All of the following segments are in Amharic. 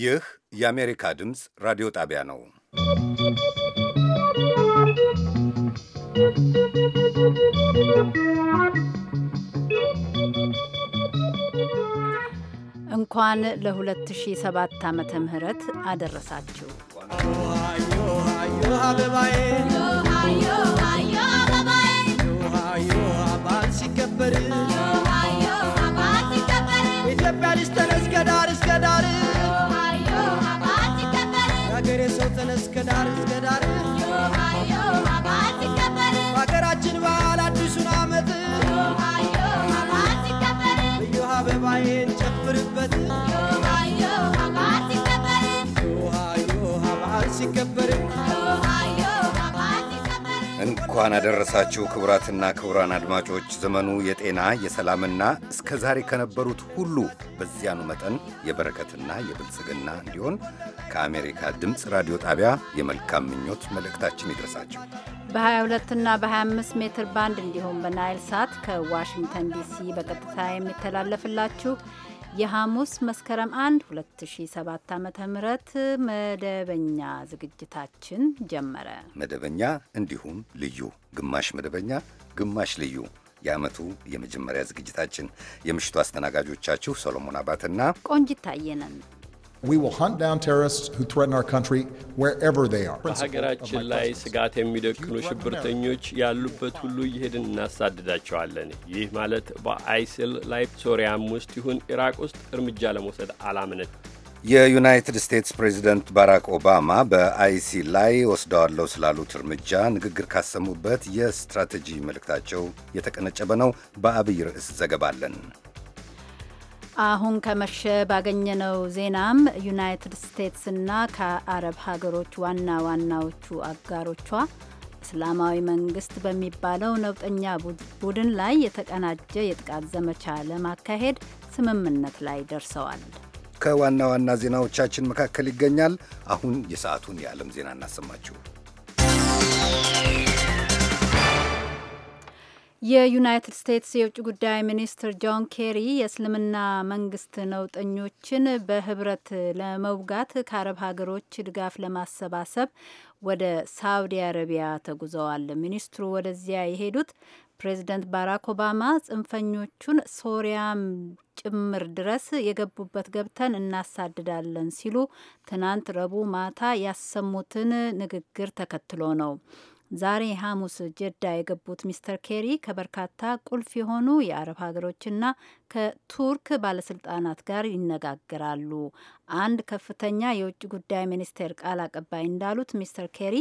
ይህ የአሜሪካ ድምፅ ራዲዮ ጣቢያ ነው። እንኳን ለ2007 ዓመተ ምህረት አደረሳችሁ። ሲከበር ኢትዮጵያ ልጅ ተነስ ከዳር እስከ ዳር የሀገሬ ሰው ተነስ ከዳር እስከ ዳር በሀገራችን እንኳን አደረሳችሁ ክቡራትና ክቡራን አድማጮች። ዘመኑ የጤና የሰላምና እስከ ዛሬ ከነበሩት ሁሉ በዚያኑ መጠን የበረከትና የብልጽግና እንዲሆን ከአሜሪካ ድምፅ ራዲዮ ጣቢያ የመልካም ምኞት መልእክታችን ይደርሳችሁ በ በ22ና በ25 ሜትር ባንድ እንዲሁም በናይል ሳት ከዋሽንግተን ዲሲ በቀጥታ የሚተላለፍላችሁ የሐሙስ መስከረም 1 2007 ዓ ም መደበኛ ዝግጅታችን ጀመረ። መደበኛ እንዲሁም ልዩ፣ ግማሽ መደበኛ፣ ግማሽ ልዩ የዓመቱ የመጀመሪያ ዝግጅታችን። የምሽቱ አስተናጋጆቻችሁ ሰሎሞን አባትና ቆንጂት ታየ ነን። በሀገራችን ላይ ስጋት የሚደቅኑ ሽብርተኞች ያሉበት ሁሉ እየሄድን እናሳድዳቸዋለን። ይህ ማለት በአይስል ላይ ሶሪያም ውስጥ ይሁን ኢራቅ ውስጥ እርምጃ ለመውሰድ አላምነት። የዩናይትድ ስቴትስ ፕሬዚደንት ባራክ ኦባማ በአይሲል ላይ ወስደዋለሁ ስላሉት እርምጃ ንግግር ካሰሙበት የስትራቴጂ መልእክታቸው የተቀነጨበ ነው። በአብይ ርዕስ ዘገባለን። አሁን ከመሸ ባገኘነው ዜናም ዩናይትድ ስቴትስና ከአረብ ሀገሮች ዋና ዋናዎቹ አጋሮቿ እስላማዊ መንግስት በሚባለው ነውጠኛ ቡድን ላይ የተቀናጀ የጥቃት ዘመቻ ለማካሄድ ስምምነት ላይ ደርሰዋል። ከዋና ዋና ዜናዎቻችን መካከል ይገኛል። አሁን የሰዓቱን የዓለም ዜና እናሰማችሁ። የዩናይትድ ስቴትስ የውጭ ጉዳይ ሚኒስትር ጆን ኬሪ የእስልምና መንግስት ነውጠኞችን በህብረት ለመውጋት ከአረብ ሀገሮች ድጋፍ ለማሰባሰብ ወደ ሳውዲ አረቢያ ተጉዘዋል። ሚኒስትሩ ወደዚያ የሄዱት ፕሬዚደንት ባራክ ኦባማ ጽንፈኞቹን ሶሪያም ጭምር ድረስ የገቡበት ገብተን እናሳድዳለን ሲሉ ትናንት ረቡዕ ማታ ያሰሙትን ንግግር ተከትሎ ነው። ዛሬ ሐሙስ ጀዳ የገቡት ሚስተር ኬሪ ከበርካታ ቁልፍ የሆኑ የአረብ ሀገሮችና ከቱርክ ባለስልጣናት ጋር ይነጋገራሉ። አንድ ከፍተኛ የውጭ ጉዳይ ሚኒስቴር ቃል አቀባይ እንዳሉት ሚስተር ኬሪ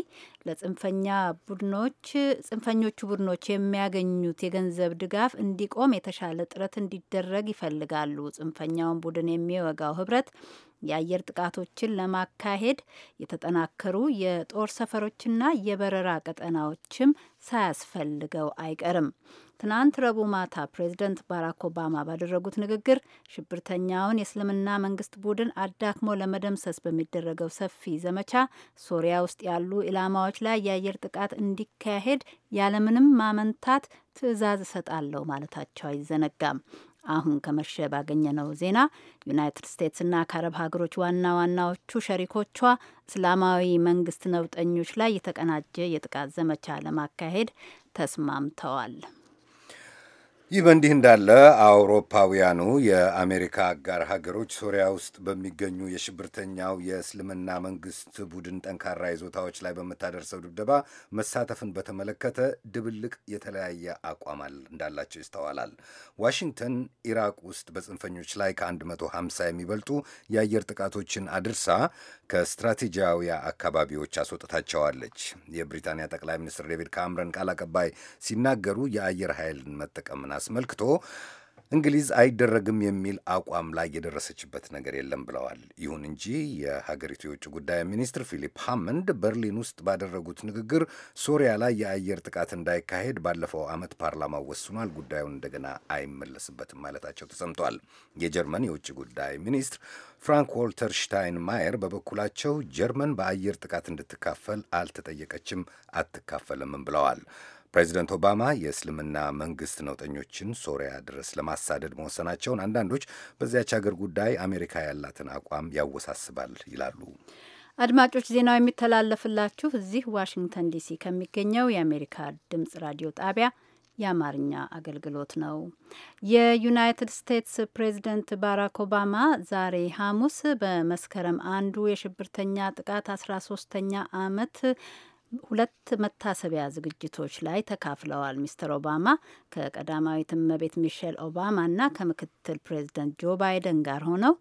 ለጽንፈኛ ቡድኖች ጽንፈኞቹ ቡድኖች የሚያገኙት የገንዘብ ድጋፍ እንዲቆም የተሻለ ጥረት እንዲደረግ ይፈልጋሉ። ጽንፈኛውን ቡድን የሚወጋው ህብረት የአየር ጥቃቶችን ለማካሄድ የተጠናከሩ የጦር ሰፈሮችና የበረራ ቀጠናዎችም ሳያስፈልገው አይቀርም። ትናንት ረቡዕ ማታ ፕሬዚደንት ባራክ ኦባማ ባደረጉት ንግግር ሽብርተኛውን የእስልምና መንግስት ቡድን አዳክሞ ለመደምሰስ በሚደረገው ሰፊ ዘመቻ ሶሪያ ውስጥ ያሉ ኢላማዎች ላይ የአየር ጥቃት እንዲካሄድ ያለምንም ማመንታት ትዕዛዝ እሰጣለሁ ማለታቸው አይዘነጋም። አሁን ከመሸ ባገኘነው ዜና ዩናይትድ ስቴትስና ከአረብ ሀገሮች ዋና ዋናዎቹ ሸሪኮቿ እስላማዊ መንግስት ነውጠኞች ላይ የተቀናጀ የጥቃት ዘመቻ ለማካሄድ ተስማምተዋል። ይህ በእንዲህ እንዳለ አውሮፓውያኑ የአሜሪካ አጋር ሀገሮች ሶሪያ ውስጥ በሚገኙ የሽብርተኛው የእስልምና መንግስት ቡድን ጠንካራ ይዞታዎች ላይ በምታደርሰው ድብደባ መሳተፍን በተመለከተ ድብልቅ የተለያየ አቋም እንዳላቸው ይስተዋላል። ዋሽንግተን ኢራቅ ውስጥ በጽንፈኞች ላይ ከ150 የሚበልጡ የአየር ጥቃቶችን አድርሳ ከስትራቴጂያዊ አካባቢዎች አስወጥታቸዋለች። የብሪታንያ ጠቅላይ ሚኒስትር ዴቪድ ካምረን ቃል አቀባይ ሲናገሩ የአየር ኃይልን መጠቀምን አስመልክቶ እንግሊዝ አይደረግም የሚል አቋም ላይ የደረሰችበት ነገር የለም ብለዋል። ይሁን እንጂ የሀገሪቱ የውጭ ጉዳይ ሚኒስትር ፊሊፕ ሃመንድ በርሊን ውስጥ ባደረጉት ንግግር ሶሪያ ላይ የአየር ጥቃት እንዳይካሄድ ባለፈው ዓመት ፓርላማው ወስኗል፣ ጉዳዩን እንደገና አይመለስበትም ማለታቸው ተሰምቷል። የጀርመን የውጭ ጉዳይ ሚኒስትር ፍራንክ ዎልተር ሽታይን ማየር በበኩላቸው ጀርመን በአየር ጥቃት እንድትካፈል አልተጠየቀችም፣ አትካፈልምም ብለዋል። ፕሬዚደንት ኦባማ የእስልምና መንግስት ነውጠኞችን ሶሪያ ድረስ ለማሳደድ መወሰናቸውን አንዳንዶች በዚያች ሀገር ጉዳይ አሜሪካ ያላትን አቋም ያወሳስባል ይላሉ። አድማጮች ዜናው የሚተላለፍላችሁ እዚህ ዋሽንግተን ዲሲ ከሚገኘው የአሜሪካ ድምጽ ራዲዮ ጣቢያ የአማርኛ አገልግሎት ነው። የዩናይትድ ስቴትስ ፕሬዚደንት ባራክ ኦባማ ዛሬ ሐሙስ በመስከረም አንዱ የሽብርተኛ ጥቃት አስራ ሶስተኛ አመት ሁለት መታሰቢያ ዝግጅቶች ላይ ተካፍለዋል። ሚስተር ኦባማ ከቀዳማዊት እመቤት ሚሼል ኦባማና ከምክትል ፕሬዚደንት ጆ ባይደን ጋር ሆነው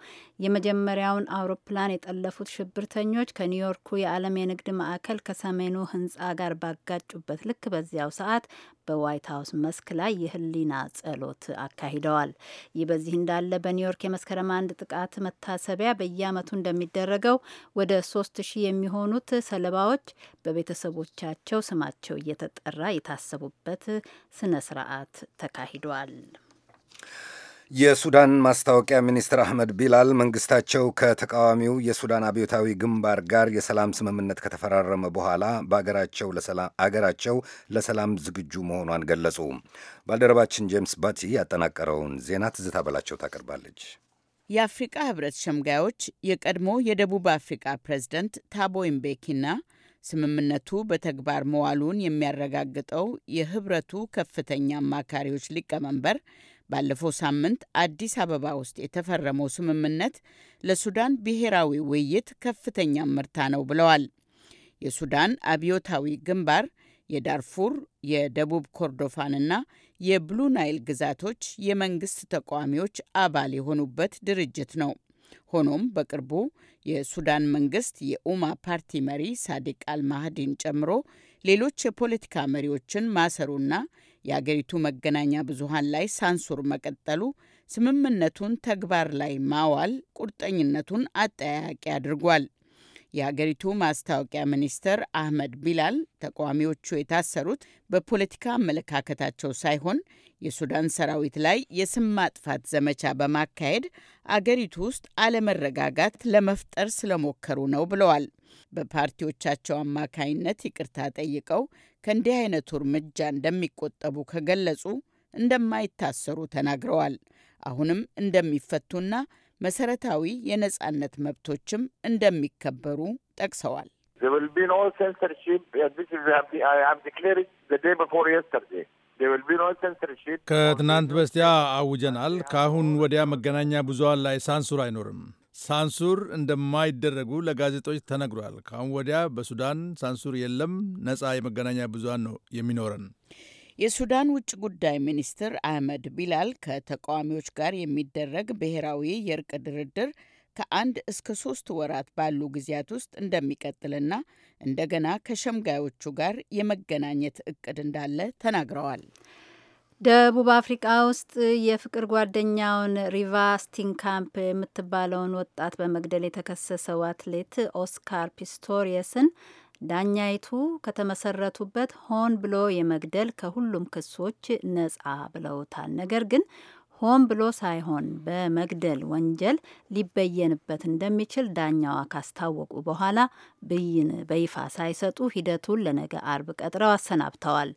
የመጀመሪያውን አውሮፕላን የጠለፉት ሽብርተኞች ከኒውዮርኩ የዓለም የንግድ ማዕከል ከሰሜኑ ሕንፃ ጋር ባጋጩበት ልክ በዚያው ሰዓት በዋይት ሀውስ መስክ ላይ የህሊና ጸሎት አካሂደዋል። ይህ በዚህ እንዳለ በኒውዮርክ የመስከረም አንድ ጥቃት መታሰቢያ በየአመቱ እንደሚደረገው ወደ ሶስት ሺህ የሚሆኑት ሰለባዎች በቤተ ቤተሰቦቻቸው ስማቸው እየተጠራ የታሰቡበት ስነ ስርዓት ተካሂዷል። የሱዳን ማስታወቂያ ሚኒስትር አህመድ ቢላል መንግስታቸው ከተቃዋሚው የሱዳን አብዮታዊ ግንባር ጋር የሰላም ስምምነት ከተፈራረመ በኋላ በአገራቸው አገራቸው ለሰላም ዝግጁ መሆኗን ገለጹ። ባልደረባችን ጄምስ ባቲ ያጠናቀረውን ዜና ትዝታ በላቸው ታቀርባለች። የአፍሪቃ ህብረት ሸምጋዮች የቀድሞ የደቡብ አፍሪቃ ፕሬዝደንት ታቦ ኢምቤኪና ስምምነቱ በተግባር መዋሉን የሚያረጋግጠው የህብረቱ ከፍተኛ አማካሪዎች ሊቀመንበር ባለፈው ሳምንት አዲስ አበባ ውስጥ የተፈረመው ስምምነት ለሱዳን ብሔራዊ ውይይት ከፍተኛ ምርታ ነው ብለዋል። የሱዳን አብዮታዊ ግንባር የዳርፉር፣ የደቡብ ኮርዶፋንና የብሉ ናይል ግዛቶች የመንግስት ተቋሚዎች አባል የሆኑበት ድርጅት ነው። ሆኖም በቅርቡ የሱዳን መንግስት የኡማ ፓርቲ መሪ ሳዲቅ አልማህዲን ጨምሮ ሌሎች የፖለቲካ መሪዎችን ማሰሩና የአገሪቱ መገናኛ ብዙሃን ላይ ሳንሱር መቀጠሉ ስምምነቱን ተግባር ላይ ማዋል ቁርጠኝነቱን አጠያያቂ አድርጓል። የሀገሪቱ ማስታወቂያ ሚኒስትር አህመድ ቢላል ተቃዋሚዎቹ የታሰሩት በፖለቲካ አመለካከታቸው ሳይሆን የሱዳን ሰራዊት ላይ የስም ማጥፋት ዘመቻ በማካሄድ አገሪቱ ውስጥ አለመረጋጋት ለመፍጠር ስለሞከሩ ነው ብለዋል። በፓርቲዎቻቸው አማካይነት ይቅርታ ጠይቀው ከእንዲህ አይነቱ እርምጃ እንደሚቆጠቡ ከገለጹ እንደማይታሰሩ ተናግረዋል። አሁንም እንደሚፈቱና መሰረታዊ የነጻነት መብቶችም እንደሚከበሩ ጠቅሰዋል። uh, ከትናንት በስቲያ አውጀናል። ከአሁን ወዲያ መገናኛ ብዙሃን ላይ ሳንሱር አይኖርም። ሳንሱር እንደማይደረጉ ለጋዜጦች ተነግሯል። ከአሁን ወዲያ በሱዳን ሳንሱር የለም። ነጻ የመገናኛ ብዙሃን ነው የሚኖረን። የሱዳን ውጭ ጉዳይ ሚኒስትር አህመድ ቢላል ከተቃዋሚዎች ጋር የሚደረግ ብሔራዊ የእርቅ ድርድር ከአንድ እስከ ሶስት ወራት ባሉ ጊዜያት ውስጥ እንደሚቀጥልና እንደገና ከሸምጋዮቹ ጋር የመገናኘት እቅድ እንዳለ ተናግረዋል። ደቡብ አፍሪቃ ውስጥ የፍቅር ጓደኛውን ሪቫ ስቲንካምፕ የምትባለውን ወጣት በመግደል የተከሰሰው አትሌት ኦስካር ፒስቶሪየስን ዳኛይቱ ከተመሰረቱበት ሆን ብሎ የመግደል ከሁሉም ክሶች ነጻ ብለውታል። ነገር ግን ሆን ብሎ ሳይሆን በመግደል ወንጀል ሊበየንበት እንደሚችል ዳኛዋ ካስታወቁ በኋላ ብይን በይፋ ሳይሰጡ ሂደቱን ለነገ አርብ ቀጥረው አሰናብተዋል።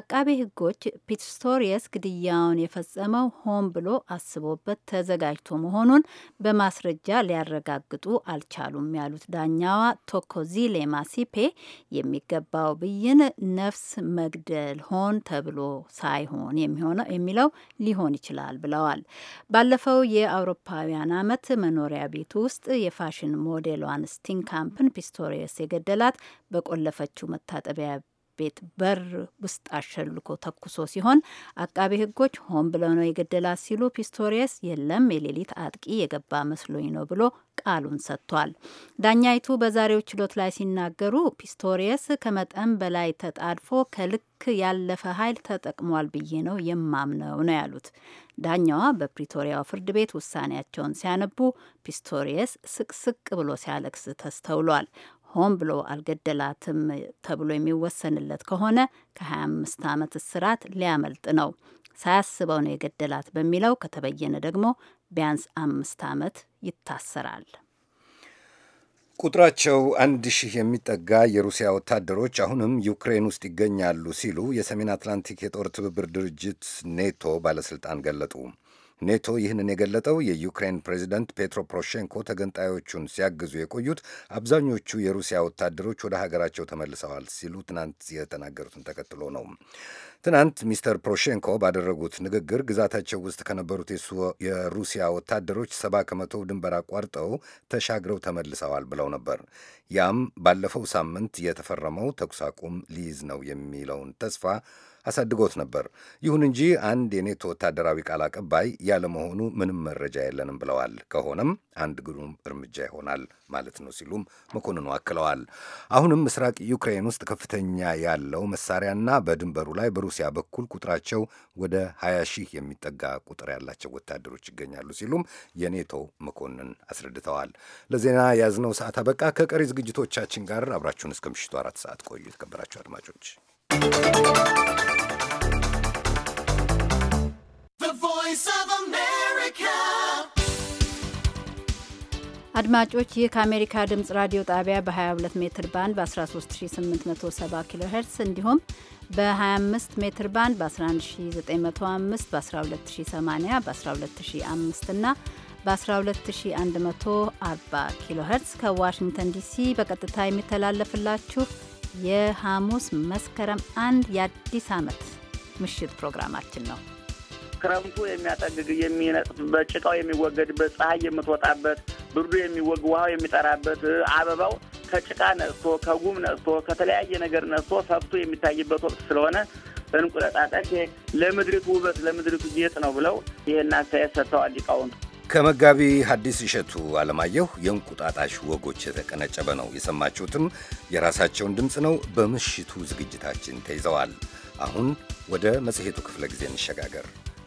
አቃቤ ሕጎች ፒስቶሪየስ ግድያውን የፈጸመው ሆን ብሎ አስቦበት ተዘጋጅቶ መሆኑን በማስረጃ ሊያረጋግጡ አልቻሉም ያሉት ዳኛዋ ቶኮዚሌ ማሲፔ የሚገባው ብይን ነፍስ መግደል ሆን ተብሎ ሳይሆን የሚሆነው የሚለው ሊሆን ይችላል ብለዋል። ባለፈው የአውሮፓውያን አመት መኖሪያ ቤት ውስጥ የፋሽን ሞዴሏን ስቲንካምፕን ፒስቶሪየስ የገደላት በቆለፈችው መታጠቢያ ቤት በር ውስጥ አሸልኮ ተኩሶ ሲሆን አቃቤ ሕጎች ሆን ብለው ነው የገደላት ሲሉ ፒስቶሪየስ የለም የሌሊት አጥቂ የገባ መስሎኝ ነው ብሎ ቃሉን ሰጥቷል። ዳኛይቱ በዛሬው ችሎት ላይ ሲናገሩ ፒስቶሪየስ ከመጠን በላይ ተጣድፎ ከልክ ያለፈ ኃይል ተጠቅሟል ብዬ ነው የማምነው ነው ያሉት። ዳኛዋ በፕሪቶሪያው ፍርድ ቤት ውሳኔያቸውን ሲያነቡ ፒስቶሪየስ ስቅስቅ ብሎ ሲያለቅስ ተስተውሏል። ሆን ብሎ አልገደላትም ተብሎ የሚወሰንለት ከሆነ ከ25 ዓመት እስራት ሊያመልጥ ነው። ሳያስበው ነው የገደላት በሚለው ከተበየነ ደግሞ ቢያንስ አምስት ዓመት ይታሰራል። ቁጥራቸው አንድ ሺህ የሚጠጋ የሩሲያ ወታደሮች አሁንም ዩክሬን ውስጥ ይገኛሉ ሲሉ የሰሜን አትላንቲክ የጦር ትብብር ድርጅት ኔቶ ባለሥልጣን ገለጡ። ኔቶ ይህንን የገለጠው የዩክሬን ፕሬዚደንት ፔትሮ ፖሮሼንኮ ተገንጣዮቹን ሲያግዙ የቆዩት አብዛኞቹ የሩሲያ ወታደሮች ወደ ሀገራቸው ተመልሰዋል ሲሉ ትናንት የተናገሩትን ተከትሎ ነው። ትናንት ሚስተር ፖሮሼንኮ ባደረጉት ንግግር ግዛታቸው ውስጥ ከነበሩት የሩሲያ ወታደሮች ሰባ ከመቶ ድንበር አቋርጠው ተሻግረው ተመልሰዋል ብለው ነበር። ያም ባለፈው ሳምንት የተፈረመው ተኩስ አቁም ሊይዝ ነው የሚለውን ተስፋ አሳድጎት ነበር። ይሁን እንጂ አንድ የኔቶ ወታደራዊ ቃል አቀባይ ያለመሆኑ ምንም መረጃ የለንም ብለዋል። ከሆነም አንድ ግሩም እርምጃ ይሆናል ማለት ነው ሲሉም መኮንኑ አክለዋል። አሁንም ምስራቅ ዩክሬን ውስጥ ከፍተኛ ያለው መሳሪያና በድንበሩ ላይ በሩሲያ በኩል ቁጥራቸው ወደ 20 ሺህ የሚጠጋ ቁጥር ያላቸው ወታደሮች ይገኛሉ ሲሉም የኔቶ መኮንን አስረድተዋል። ለዜና ያዝነው ሰዓት አበቃ። ከቀሪ ዝግጅቶቻችን ጋር አብራችሁን እስከ ምሽቱ አራት ሰዓት ቆዩ። የተከበራችሁ አድማጮች አድማጮች ይህ ከአሜሪካ ድምጽ ራዲዮ ጣቢያ በ22 ሜትር ባንድ በ13870 ኪሎ ሄርትስ እንዲሁም በ25 ሜትር ባንድ በ11905 በ12080 በ12005 እና በ12140 ኪሎ ሄርትስ ከዋሽንግተን ዲሲ በቀጥታ የሚተላለፍላችሁ የሐሙስ መስከረም አንድ የአዲስ ዓመት ምሽት ፕሮግራማችን ነው። ክረምቱ የሚያጠግግ የሚነጥፍ በጭቃው የሚወገድበት ፀሐይ የምትወጣበት ብርዱ የሚወግ ውሃው የሚጠራበት አበባው ከጭቃ ነጥቶ፣ ከጉም ነጥቶ፣ ከተለያየ ነገር ነጥቶ ሰብቶ የሚታይበት ወቅት ስለሆነ እንቁለጣጣሽ ለምድሪቱ ውበት ለምድሪቱ ጌጥ ነው ብለው ይህን አስተያየት ሰጥተዋል ሊቃውንቱ። ከመጋቢ ሐዲስ እሸቱ አለማየሁ የእንቁጣጣሽ ወጎች የተቀነጨበ ነው የሰማችሁትም። የራሳቸውን ድምፅ ነው። በምሽቱ ዝግጅታችን ተይዘዋል። አሁን ወደ መጽሔቱ ክፍለ ጊዜ እንሸጋገር።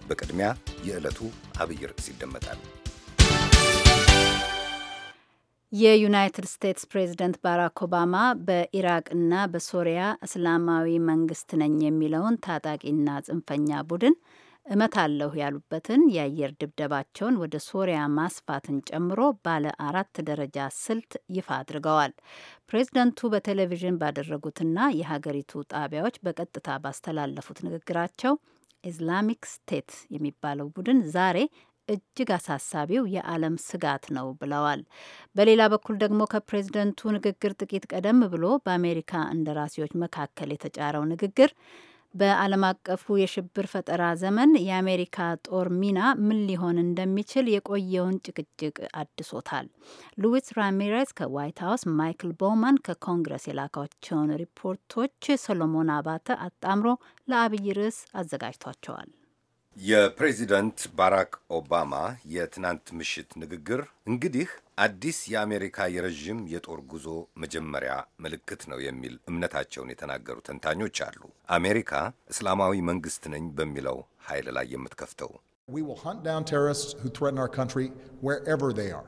በቅድሚያ የዕለቱ አብይ ርዕስ ይደመጣል። የዩናይትድ ስቴትስ ፕሬዝደንት ባራክ ኦባማ በኢራቅና በሶሪያ እስላማዊ መንግስት ነኝ የሚለውን ታጣቂና ጽንፈኛ ቡድን እመታለሁ ያሉበትን የአየር ድብደባቸውን ወደ ሶሪያ ማስፋትን ጨምሮ ባለ አራት ደረጃ ስልት ይፋ አድርገዋል። ፕሬዚደንቱ በቴሌቪዥን ባደረጉትና የሀገሪቱ ጣቢያዎች በቀጥታ ባስተላለፉት ንግግራቸው ኢስላሚክ ስቴት የሚባለው ቡድን ዛሬ እጅግ አሳሳቢው የዓለም ስጋት ነው ብለዋል። በሌላ በኩል ደግሞ ከፕሬዝደንቱ ንግግር ጥቂት ቀደም ብሎ በአሜሪካ እንደራሴዎች መካከል የተጫረው ንግግር በዓለም አቀፉ የሽብር ፈጠራ ዘመን የአሜሪካ ጦር ሚና ምን ሊሆን እንደሚችል የቆየውን ጭቅጭቅ አድሶታል። ሉዊስ ራሚሬዝ ከዋይት ሀውስ፣ ማይክል ቦውማን ከኮንግረስ የላካቸውን ሪፖርቶች ሰሎሞን አባተ አጣምሮ ለአብይ ርዕስ አዘጋጅቷቸዋል። የፕሬዚደንት ባራክ ኦባማ የትናንት ምሽት ንግግር እንግዲህ አዲስ የአሜሪካ የረዥም የጦር ጉዞ መጀመሪያ ምልክት ነው የሚል እምነታቸውን የተናገሩ ተንታኞች አሉ። አሜሪካ እስላማዊ መንግስት ነኝ በሚለው ኃይል ላይ የምትከፍተው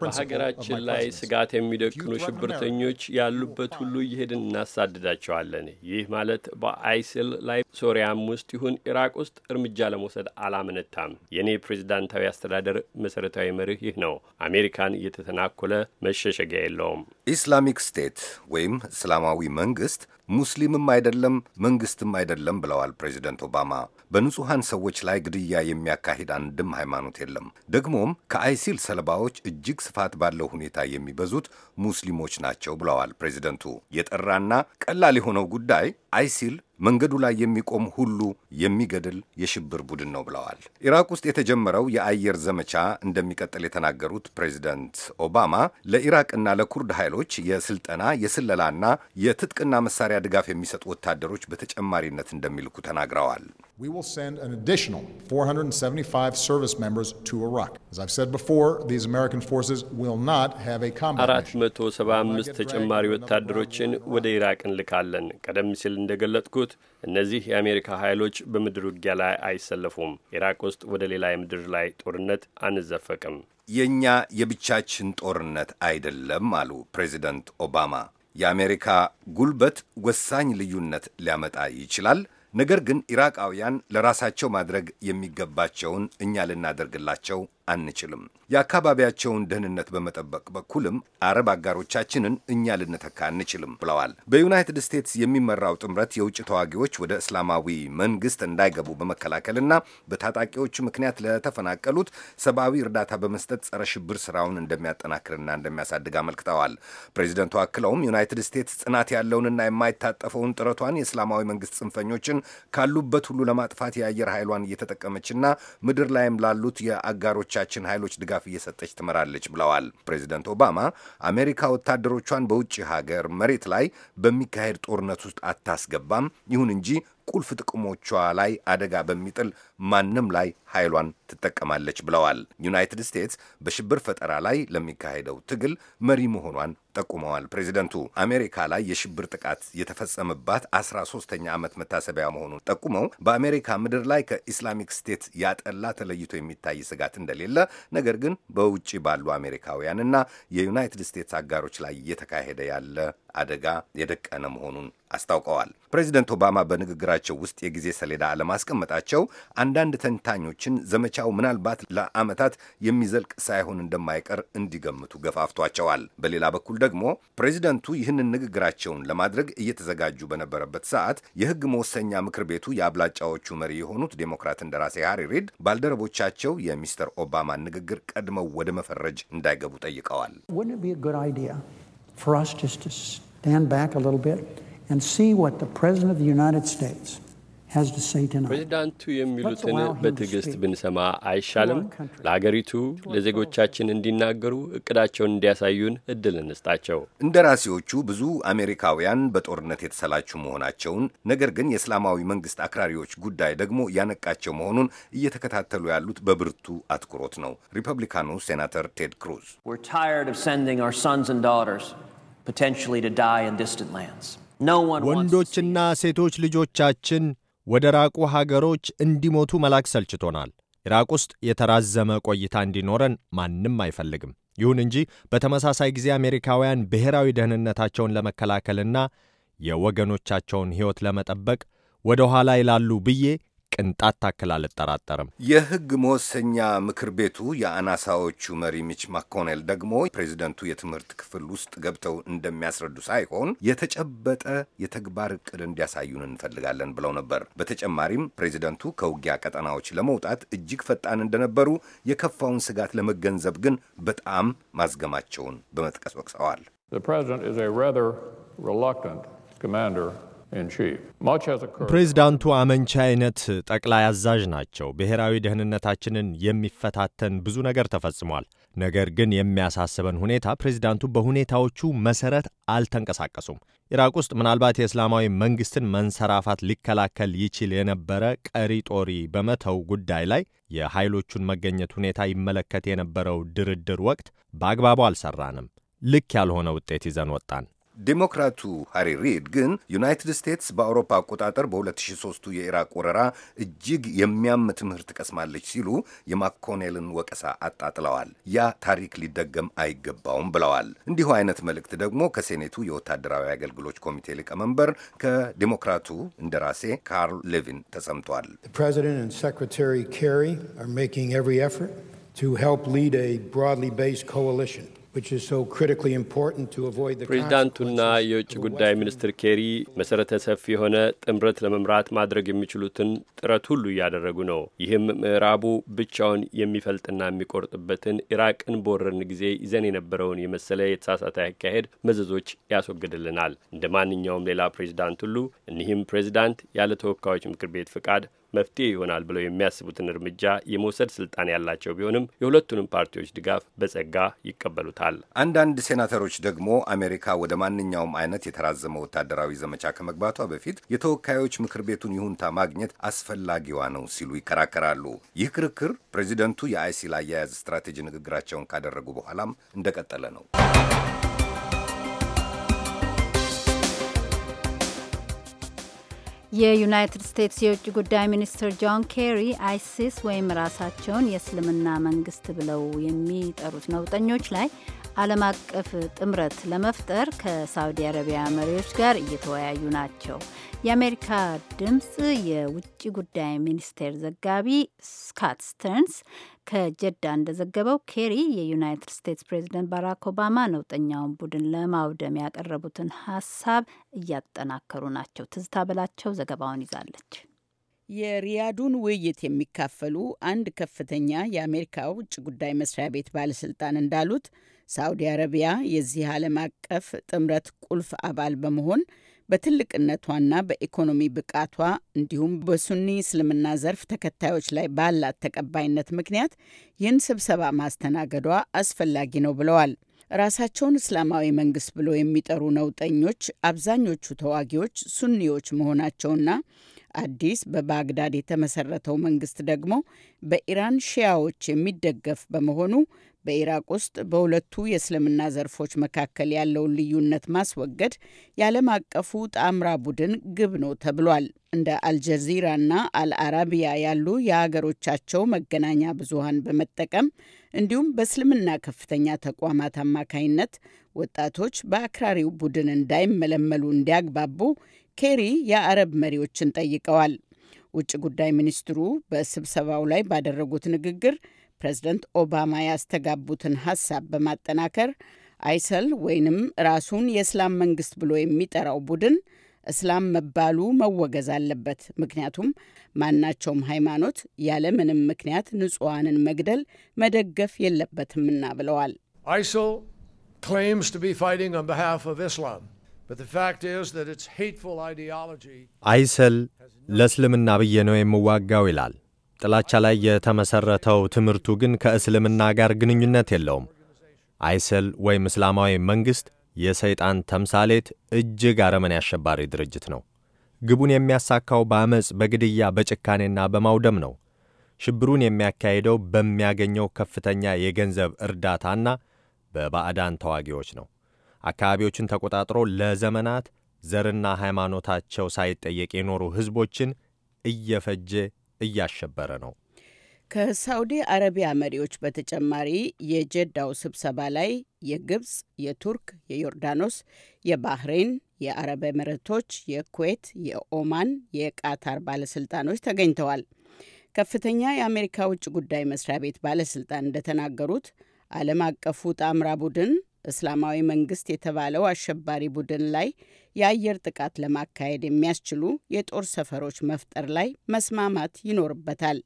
በሀገራችን ላይ ስጋት የሚደቅኑ ሽብርተኞች ያሉበት ሁሉ እየሄድን እናሳድዳቸዋለን። ይህ ማለት በአይስል ላይ ሶሪያም ውስጥ ይሁን ኢራቅ ውስጥ እርምጃ ለመውሰድ አላመነታም። የእኔ ፕሬዚዳንታዊ አስተዳደር መሠረታዊ መርህ ይህ ነው። አሜሪካን የተተናኮለ መሸሸጊያ የለውም። ኢስላሚክ ስቴት ወይም እስላማዊ መንግስት ሙስሊምም አይደለም መንግስትም አይደለም ብለዋል ፕሬዚደንት ኦባማ። በንጹሐን ሰዎች ላይ ግድያ የሚያካሂድ አንድም ሃይማኖት የለም። ደግሞም ከአይሲል ሰለባዎች እጅግ ስፋት ባለው ሁኔታ የሚበዙት ሙስሊሞች ናቸው ብለዋል ፕሬዚደንቱ። የጠራና ቀላል የሆነው ጉዳይ አይሲል መንገዱ ላይ የሚቆም ሁሉ የሚገድል የሽብር ቡድን ነው ብለዋል። ኢራቅ ውስጥ የተጀመረው የአየር ዘመቻ እንደሚቀጥል የተናገሩት ፕሬዚደንት ኦባማ ለኢራቅና ለኩርድ ኃይሎች የስልጠና የስለላና የትጥቅና መሳሪያ ድጋፍ የሚሰጡ ወታደሮች በተጨማሪነት እንደሚልኩ ተናግረዋል። we will send an additional 475 service members to Iraq. As I've said before, these American forces will not have a combat. 475 ተጨማሪ ወታደሮችን ወደ ኢራቅ እንልካለን። ቀደም ሲል እንደገለጥኩት እነዚህ የአሜሪካ ኃይሎች በምድር ውጊያ ላይ አይሰለፉም። ኢራቅ ውስጥ ወደ ሌላ የምድር ላይ ጦርነት አንዘፈቅም። የእኛ የብቻችን ጦርነት አይደለም አሉ ፕሬዚደንት ኦባማ። የአሜሪካ ጉልበት ወሳኝ ልዩነት ሊያመጣ ይችላል ነገር ግን ኢራቃውያን ለራሳቸው ማድረግ የሚገባቸውን እኛ ልናደርግላቸው አንችልም። የአካባቢያቸውን ደህንነት በመጠበቅ በኩልም አረብ አጋሮቻችንን እኛ ልንተካ አንችልም ብለዋል። በዩናይትድ ስቴትስ የሚመራው ጥምረት የውጭ ተዋጊዎች ወደ እስላማዊ መንግስት እንዳይገቡ በመከላከልና በታጣቂዎቹ ምክንያት ለተፈናቀሉት ሰብአዊ እርዳታ በመስጠት ጸረ ሽብር ስራውን እንደሚያጠናክርና እንደሚያሳድግ አመልክተዋል። ፕሬዚደንቱ አክለውም ዩናይትድ ስቴትስ ጽናት ያለውንና የማይታጠፈውን ጥረቷን የእስላማዊ መንግስት ጽንፈኞችን ካሉበት ሁሉ ለማጥፋት የአየር ኃይሏን እየተጠቀመችና ምድር ላይም ላሉት የአጋሮቻ ለአጋሮቻችን ኃይሎች ድጋፍ እየሰጠች ትመራለች ብለዋል። ፕሬዚደንት ኦባማ አሜሪካ ወታደሮቿን በውጭ ሀገር መሬት ላይ በሚካሄድ ጦርነት ውስጥ አታስገባም፣ ይሁን እንጂ ቁልፍ ጥቅሞቿ ላይ አደጋ በሚጥል ማንም ላይ ኃይሏን ትጠቀማለች ብለዋል። ዩናይትድ ስቴትስ በሽብር ፈጠራ ላይ ለሚካሄደው ትግል መሪ መሆኗን ጠቁመዋል። ፕሬዚደንቱ አሜሪካ ላይ የሽብር ጥቃት የተፈጸመባት አስራ ሶስተኛ ዓመት መታሰቢያ መሆኑን ጠቁመው በአሜሪካ ምድር ላይ ከኢስላሚክ ስቴት ያጠላ ተለይቶ የሚታይ ስጋት እንደሌለ፣ ነገር ግን በውጭ ባሉ አሜሪካውያንና የዩናይትድ ስቴትስ አጋሮች ላይ እየተካሄደ ያለ አደጋ የደቀነ መሆኑን አስታውቀዋል። ፕሬዚደንት ኦባማ በንግግራቸው ውስጥ የጊዜ ሰሌዳ አለማስቀመጣቸው አንዳንድ ተንታኞችን ዘመቻው ምናልባት ለዓመታት የሚዘልቅ ሳይሆን እንደማይቀር እንዲገምቱ ገፋፍቷቸዋል። በሌላ በኩል ደግሞ ፕሬዚደንቱ ይህንን ንግግራቸውን ለማድረግ እየተዘጋጁ በነበረበት ሰዓት የሕግ መወሰኛ ምክር ቤቱ የአብላጫዎቹ መሪ የሆኑት ዴሞክራት እንደራሴ ሃሪ ሪድ ባልደረቦቻቸው የሚስተር ኦባማን ንግግር ቀድመው ወደ መፈረጅ እንዳይገቡ ጠይቀዋል። stand back a little bit and see what the President of the United States ፕሬዚዳንቱ የሚሉትን በትዕግስት ብንሰማ አይሻልም? ለአገሪቱ ለዜጎቻችን እንዲናገሩ እቅዳቸውን እንዲያሳዩን እድል እንስጣቸው። እንደራሴዎቹ ብዙ አሜሪካውያን በጦርነት የተሰላቹ መሆናቸውን፣ ነገር ግን የእስላማዊ መንግስት አክራሪዎች ጉዳይ ደግሞ ያነቃቸው መሆኑን እየተከታተሉ ያሉት በብርቱ አትኩሮት ነው። ሪፐብሊካኑ ሴናተር ቴድ ክሩዝ ወንዶችና ሴቶች ልጆቻችን ወደ ራቁ ሀገሮች እንዲሞቱ መላክ ሰልችቶናል። ኢራቅ ውስጥ የተራዘመ ቆይታ እንዲኖረን ማንም አይፈልግም። ይሁን እንጂ በተመሳሳይ ጊዜ አሜሪካውያን ብሔራዊ ደህንነታቸውን ለመከላከልና የወገኖቻቸውን ሕይወት ለመጠበቅ ወደ ኋላ ይላሉ ብዬ ቅንጣት ታክል አልጠራጠርም። የህግ መወሰኛ ምክር ቤቱ የአናሳዎቹ መሪ ሚች ማኮኔል ደግሞ ፕሬዚደንቱ የትምህርት ክፍል ውስጥ ገብተው እንደሚያስረዱ ሳይሆን የተጨበጠ የተግባር እቅድ እንዲያሳዩን እንፈልጋለን ብለው ነበር። በተጨማሪም ፕሬዚደንቱ ከውጊያ ቀጠናዎች ለመውጣት እጅግ ፈጣን እንደነበሩ፣ የከፋውን ስጋት ለመገንዘብ ግን በጣም ማዝገማቸውን በመጥቀስ ወቅሰዋል። The ፕሬዚዳንቱ አመንቺ አይነት ጠቅላይ አዛዥ ናቸው። ብሔራዊ ደህንነታችንን የሚፈታተን ብዙ ነገር ተፈጽሟል። ነገር ግን የሚያሳስበን ሁኔታ ፕሬዚዳንቱ በሁኔታዎቹ መሰረት አልተንቀሳቀሱም። ኢራቅ ውስጥ ምናልባት የእስላማዊ መንግስትን መንሰራፋት ሊከላከል ይችል የነበረ ቀሪ ጦሪ በመተው ጉዳይ ላይ የኃይሎቹን መገኘት ሁኔታ ይመለከት የነበረው ድርድር ወቅት በአግባቡ አልሰራንም። ልክ ያልሆነ ውጤት ይዘን ወጣን። ዴሞክራቱ ሃሪ ሪድ ግን ዩናይትድ ስቴትስ በአውሮፓ አቆጣጠር በ2003ቱ የኢራቅ ወረራ እጅግ የሚያም ትምህርት ቀስማለች ሲሉ የማኮኔልን ወቀሳ አጣጥለዋል። ያ ታሪክ ሊደገም አይገባውም ብለዋል። እንዲሁ አይነት መልእክት ደግሞ ከሴኔቱ የወታደራዊ አገልግሎች ኮሚቴ ሊቀመንበር ከዴሞክራቱ እንደራሴ ካርል ሌቪን ተሰምቷል። ሪ ሪ ሪ ሪ ፕሬዚዳንቱና የውጭ ጉዳይ ሚኒስትር ኬሪ መሰረተ ሰፊ የሆነ ጥምረት ለመምራት ማድረግ የሚችሉትን ጥረት ሁሉ እያደረጉ ነው። ይህም ምዕራቡ ብቻውን የሚፈልጥና የሚቆርጥበትን ኢራቅን በወረርን ጊዜ ይዘን የነበረውን የመሰለ የተሳሳተ አካሄድ መዘዞች ያስወግድልናል። እንደ ማንኛውም ሌላ ፕሬዚዳንት ሁሉ እኒህም ፕሬዚዳንት ያለ ተወካዮች ምክር ቤት ፍቃድ መፍትሄ ይሆናል ብለው የሚያስቡትን እርምጃ የመውሰድ ስልጣን ያላቸው ቢሆንም የሁለቱንም ፓርቲዎች ድጋፍ በጸጋ ይቀበሉታል። አንዳንድ ሴናተሮች ደግሞ አሜሪካ ወደ ማንኛውም አይነት የተራዘመ ወታደራዊ ዘመቻ ከመግባቷ በፊት የተወካዮች ምክር ቤቱን ይሁንታ ማግኘት አስፈላጊዋ ነው ሲሉ ይከራከራሉ። ይህ ክርክር ፕሬዚደንቱ የአይሲል አያያዝ ስትራቴጂ ንግግራቸውን ካደረጉ በኋላም እንደቀጠለ ነው። የዩናይትድ ስቴትስ የውጭ ጉዳይ ሚኒስትር ጆን ኬሪ አይሲስ ወይም ራሳቸውን የእስልምና መንግስት ብለው የሚጠሩት ነውጠኞች ላይ ዓለም አቀፍ ጥምረት ለመፍጠር ከሳውዲ አረቢያ መሪዎች ጋር እየተወያዩ ናቸው። የአሜሪካ ድምፅ የውጭ ጉዳይ ሚኒስቴር ዘጋቢ ስካት ስተርንስ ከጀዳ እንደዘገበው ኬሪ የዩናይትድ ስቴትስ ፕሬዚደንት ባራክ ኦባማ ነውጠኛውን ቡድን ለማውደም ያቀረቡትን ሀሳብ እያጠናከሩ ናቸው። ትዝታ በላቸው ዘገባውን ይዛለች። የሪያዱን ውይይት የሚካፈሉ አንድ ከፍተኛ የአሜሪካ ውጭ ጉዳይ መስሪያ ቤት ባለስልጣን እንዳሉት ሳውዲ አረቢያ የዚህ ዓለም አቀፍ ጥምረት ቁልፍ አባል በመሆን በትልቅነቷና በኢኮኖሚ ብቃቷ እንዲሁም በሱኒ እስልምና ዘርፍ ተከታዮች ላይ ባላት ተቀባይነት ምክንያት ይህን ስብሰባ ማስተናገዷ አስፈላጊ ነው ብለዋል። ራሳቸውን እስላማዊ መንግስት ብሎ የሚጠሩ ነውጠኞች አብዛኞቹ ተዋጊዎች ሱኒዎች መሆናቸውና አዲስ በባግዳድ የተመሰረተው መንግስት ደግሞ በኢራን ሺያዎች የሚደገፍ በመሆኑ በኢራቅ ውስጥ በሁለቱ የእስልምና ዘርፎች መካከል ያለውን ልዩነት ማስወገድ የዓለም አቀፉ ጣምራ ቡድን ግብ ነው ተብሏል። እንደ አልጀዚራና አልአራቢያ ያሉ የአገሮቻቸው መገናኛ ብዙሃን በመጠቀም እንዲሁም በእስልምና ከፍተኛ ተቋማት አማካይነት ወጣቶች በአክራሪው ቡድን እንዳይመለመሉ እንዲያግባቡ ኬሪ የአረብ መሪዎችን ጠይቀዋል። ውጭ ጉዳይ ሚኒስትሩ በስብሰባው ላይ ባደረጉት ንግግር ፕሬዝደንት ኦባማ ያስተጋቡትን ሀሳብ በማጠናከር አይሰል ወይንም ራሱን የእስላም መንግስት ብሎ የሚጠራው ቡድን እስላም መባሉ መወገዝ አለበት። ምክንያቱም ማናቸውም ሃይማኖት ያለ ምንም ምክንያት ንጹሐንን መግደል መደገፍ የለበትምና ብለዋል። አይሰል ለእስልምና ብዬ ነው የምዋጋው ይላል። ጥላቻ ላይ የተመሠረተው ትምህርቱ ግን ከእስልምና ጋር ግንኙነት የለውም። አይስል ወይም እስላማዊ መንግሥት የሰይጣን ተምሳሌት እጅግ አረመኔ አሸባሪ ድርጅት ነው። ግቡን የሚያሳካው በአመፅ በግድያ በጭካኔና በማውደም ነው። ሽብሩን የሚያካሄደው በሚያገኘው ከፍተኛ የገንዘብ እርዳታና በባዕዳን ተዋጊዎች ነው። አካባቢዎችን ተቆጣጥሮ ለዘመናት ዘርና ሃይማኖታቸው ሳይጠየቅ የኖሩ ሕዝቦችን እየፈጀ እያሸበረ ነው። ከሳውዲ አረቢያ መሪዎች በተጨማሪ የጀዳው ስብሰባ ላይ የግብፅ፣ የቱርክ፣ የዮርዳኖስ፣ የባህሬን፣ የአረብ ኤምሬቶች፣ የኩዌት፣ የኦማን፣ የቃታር ባለስልጣኖች ተገኝተዋል። ከፍተኛ የአሜሪካ ውጭ ጉዳይ መስሪያ ቤት ባለስልጣን እንደተናገሩት ዓለም አቀፉ ጣምራ ቡድን እስላማዊ መንግስት የተባለው አሸባሪ ቡድን ላይ የአየር ጥቃት ለማካሄድ የሚያስችሉ የጦር ሰፈሮች መፍጠር ላይ መስማማት ይኖርበታል።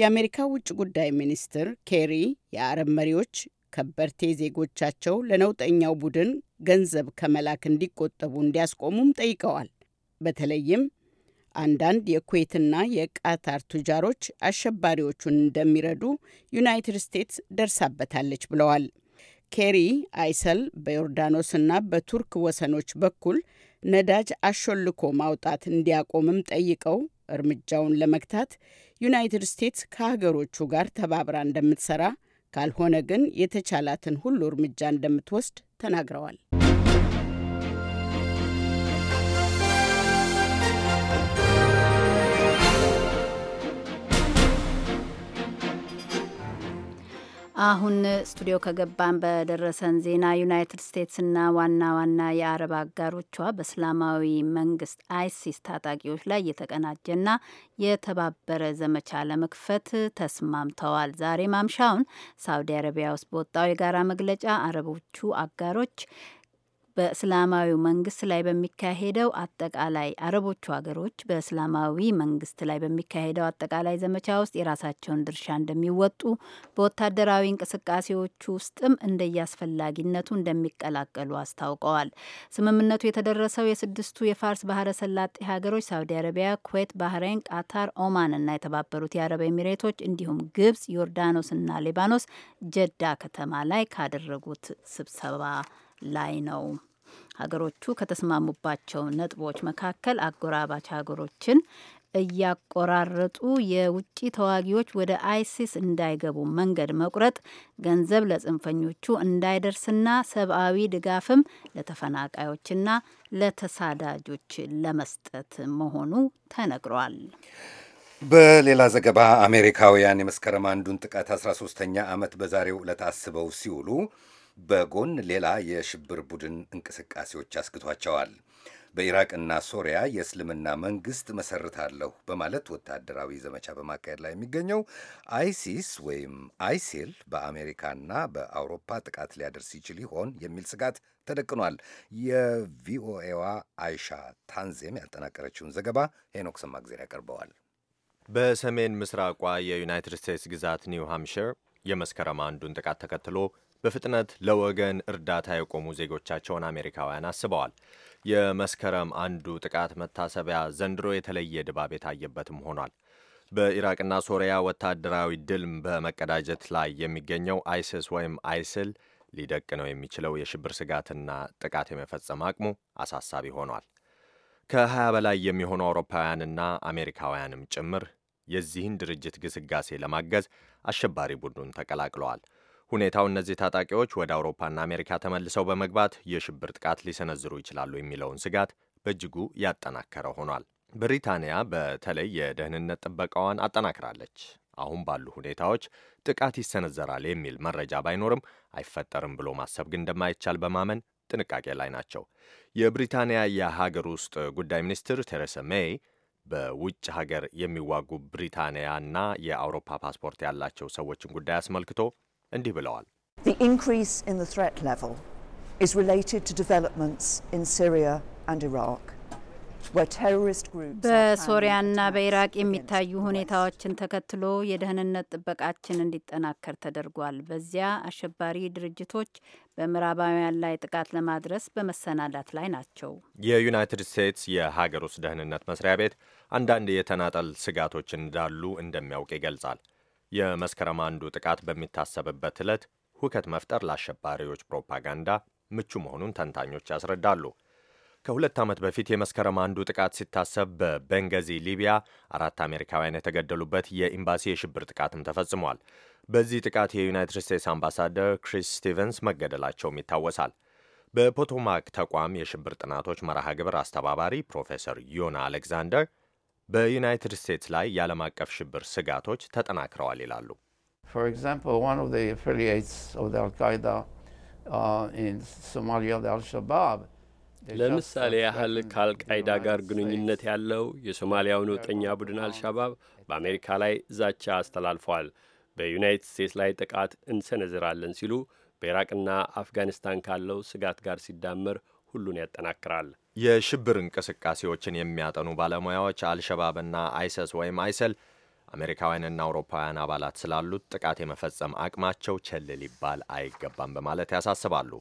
የአሜሪካ ውጭ ጉዳይ ሚኒስትር ኬሪ የአረብ መሪዎች ከበርቴ ዜጎቻቸው ለነውጠኛው ቡድን ገንዘብ ከመላክ እንዲቆጠቡ እንዲያስቆሙም ጠይቀዋል። በተለይም አንዳንድ የኩዌትና የቃታር ቱጃሮች አሸባሪዎቹን እንደሚረዱ ዩናይትድ ስቴትስ ደርሳበታለች ብለዋል። ኬሪ አይሰል በዮርዳኖስና በቱርክ ወሰኖች በኩል ነዳጅ አሾልኮ ማውጣት እንዲያቆምም ጠይቀው እርምጃውን ለመግታት ዩናይትድ ስቴትስ ከሀገሮቹ ጋር ተባብራ እንደምትሰራ ካልሆነ ግን የተቻላትን ሁሉ እርምጃ እንደምትወስድ ተናግረዋል። አሁን ስቱዲዮ ከገባን በደረሰን ዜና ዩናይትድ ስቴትስና ዋና ዋና የአረብ አጋሮቿ በእስላማዊ መንግስት አይሲስ ታጣቂዎች ላይ የተቀናጀና የተባበረ ዘመቻ ለመክፈት ተስማምተዋል። ዛሬ ማምሻውን ሳውዲ አረቢያ ውስጥ በወጣው የጋራ መግለጫ አረቦቹ አጋሮች በእስላማዊ መንግስት ላይ በሚካሄደው አጠቃላይ አረቦቹ ሀገሮች በእስላማዊ መንግስት ላይ በሚካሄደው አጠቃላይ ዘመቻ ውስጥ የራሳቸውን ድርሻ እንደሚወጡ በወታደራዊ እንቅስቃሴዎች ውስጥም እንደየአስፈላጊነቱ እንደሚቀላቀሉ አስታውቀዋል። ስምምነቱ የተደረሰው የስድስቱ የፋርስ ባህረ ሰላጤ ሀገሮች ሳውዲ አረቢያ፣ ኩዌት፣ ባህሬን፣ ቃታር፣ ኦማን እና የተባበሩት የአረብ ኤሚሬቶች እንዲሁም ግብጽ፣ ዮርዳኖስ እና ሊባኖስ ጀዳ ከተማ ላይ ካደረጉት ስብሰባ ላይ ነው። ሀገሮቹ ከተስማሙባቸው ነጥቦች መካከል አጎራባች ሀገሮችን እያቆራረጡ የውጭ ተዋጊዎች ወደ አይሲስ እንዳይገቡ መንገድ መቁረጥ፣ ገንዘብ ለጽንፈኞቹ እንዳይደርስና ሰብአዊ ድጋፍም ለተፈናቃዮችና ለተሳዳጆች ለመስጠት መሆኑ ተነግሯል። በሌላ ዘገባ አሜሪካውያን የመስከረም አንዱን ጥቃት 13ኛ ዓመት በዛሬው ዕለት አስበው ሲውሉ በጎን ሌላ የሽብር ቡድን እንቅስቃሴዎች አስግቷቸዋል። በኢራቅና ሶሪያ የእስልምና መንግስት መሰርታለሁ በማለት ወታደራዊ ዘመቻ በማካሄድ ላይ የሚገኘው አይሲስ ወይም አይሲል በአሜሪካና በአውሮፓ ጥቃት ሊያደርስ ይችል ይሆን የሚል ስጋት ተደቅኗል። የቪኦኤዋ አይሻ ታንዜም ያጠናቀረችውን ዘገባ ሄኖክ ሰማግዜር ያቀርበዋል። በሰሜን ምስራቋ የዩናይትድ ስቴትስ ግዛት ኒው ሃምሽር የመስከረም አንዱን ጥቃት ተከትሎ በፍጥነት ለወገን እርዳታ የቆሙ ዜጎቻቸውን አሜሪካውያን አስበዋል። የመስከረም አንዱ ጥቃት መታሰቢያ ዘንድሮ የተለየ ድባብ የታየበትም ሆኗል። በኢራቅና ሶሪያ ወታደራዊ ድል በመቀዳጀት ላይ የሚገኘው አይስስ ወይም አይስል ሊደቅ ነው የሚችለው የሽብር ስጋትና ጥቃት የመፈጸም አቅሙ አሳሳቢ ሆኗል። ከ20 በላይ የሚሆኑ አውሮፓውያንና አሜሪካውያንም ጭምር የዚህን ድርጅት ግስጋሴ ለማገዝ አሸባሪ ቡድኑን ተቀላቅለዋል። ሁኔታው እነዚህ ታጣቂዎች ወደ አውሮፓና አሜሪካ ተመልሰው በመግባት የሽብር ጥቃት ሊሰነዝሩ ይችላሉ የሚለውን ስጋት በእጅጉ ያጠናከረ ሆኗል። ብሪታንያ በተለይ የደህንነት ጥበቃዋን አጠናክራለች። አሁን ባሉ ሁኔታዎች ጥቃት ይሰነዘራል የሚል መረጃ ባይኖርም አይፈጠርም ብሎ ማሰብ ግን እንደማይቻል በማመን ጥንቃቄ ላይ ናቸው። የብሪታንያ የሀገር ውስጥ ጉዳይ ሚኒስትር ቴሬሳ ሜይ በውጭ ሀገር የሚዋጉ ብሪታንያና የአውሮፓ ፓስፖርት ያላቸው ሰዎችን ጉዳይ አስመልክቶ እንዲህ ብለዋል። በሶሪያና በኢራቅ የሚታዩ ሁኔታዎችን ተከትሎ የደህንነት ጥበቃችን እንዲጠናከር ተደርጓል። በዚያ አሸባሪ ድርጅቶች በምዕራባውያን ላይ ጥቃት ለማድረስ በመሰናዳት ላይ ናቸው። የዩናይትድ ስቴትስ የሀገር ውስጥ ደህንነት መስሪያ ቤት አንዳንድ የተናጠል ስጋቶች እንዳሉ እንደሚያውቅ ይገልጻል። የመስከረም አንዱ ጥቃት በሚታሰብበት ዕለት ሁከት መፍጠር ለአሸባሪዎች ፕሮፓጋንዳ ምቹ መሆኑን ተንታኞች ያስረዳሉ። ከሁለት ዓመት በፊት የመስከረም አንዱ ጥቃት ሲታሰብ በቤንገዚ ሊቢያ አራት አሜሪካውያን የተገደሉበት የኤምባሲ የሽብር ጥቃትም ተፈጽሟል። በዚህ ጥቃት የዩናይትድ ስቴትስ አምባሳደር ክሪስ ስቲቨንስ መገደላቸውም ይታወሳል። በፖቶማክ ተቋም የሽብር ጥናቶች መርሃ ግብር አስተባባሪ ፕሮፌሰር ዮና አሌክዛንደር በዩናይትድ ስቴትስ ላይ የዓለም አቀፍ ሽብር ስጋቶች ተጠናክረዋል ይላሉ። uh, ለምሳሌ ያህል ከአልቃይዳ ጋር ግንኙነት ያለው የሶማሊያው ነውጠኛ ቡድን uh, አልሻባብ በአሜሪካ ላይ ዛቻ አስተላልፏል። በዩናይትድ ስቴትስ ላይ ጥቃት እንሰነዝራለን ሲሉ በኢራቅና አፍጋኒስታን ካለው ስጋት ጋር ሲዳመር ሁሉን ያጠናክራል። የሽብር እንቅስቃሴዎችን የሚያጠኑ ባለሙያዎች አልሸባብና አይሰስ ወይም አይሰል አሜሪካውያንና አውሮፓውያን አባላት ስላሉት ጥቃት የመፈጸም አቅማቸው ቸል ሊባል አይገባም በማለት ያሳስባሉ።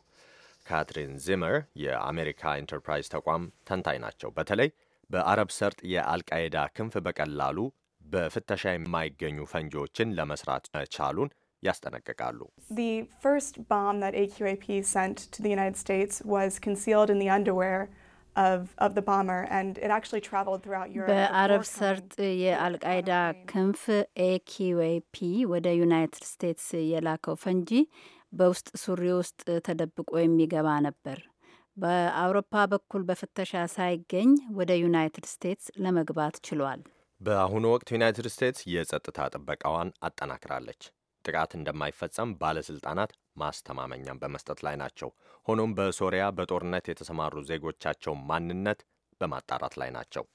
ካትሪን ዚመር የአሜሪካ ኢንተርፕራይዝ ተቋም ተንታኝ ናቸው። በተለይ በአረብ ሰርጥ የአልቃይዳ ክንፍ በቀላሉ በፍተሻ የማይገኙ ፈንጂዎችን ለመስራት መቻሉን ያስጠነቅቃሉ። The first bomb that AQAP sent to the United States was concealed in the underwear በአረብ ሰርጥ የአልቃይዳ ክንፍ ኤኪዌፒ ወደ ዩናይትድ ስቴትስ የላከው ፈንጂ በውስጥ ሱሪ ውስጥ ተደብቆ የሚገባ ነበር። በአውሮፓ በኩል በፍተሻ ሳይገኝ ወደ ዩናይትድ ስቴትስ ለመግባት ችሏል። በአሁኑ ወቅት ዩናይትድ ስቴትስ የጸጥታ ጥበቃዋን አጠናክራለች። ጥቃት እንደማይፈጸም ባለስልጣናት ማስተማመኛም በመስጠት ላይ ናቸው። ሆኖም በሶሪያ በጦርነት የተሰማሩ ዜጎቻቸው ማንነት በማጣራት ላይ ናቸው።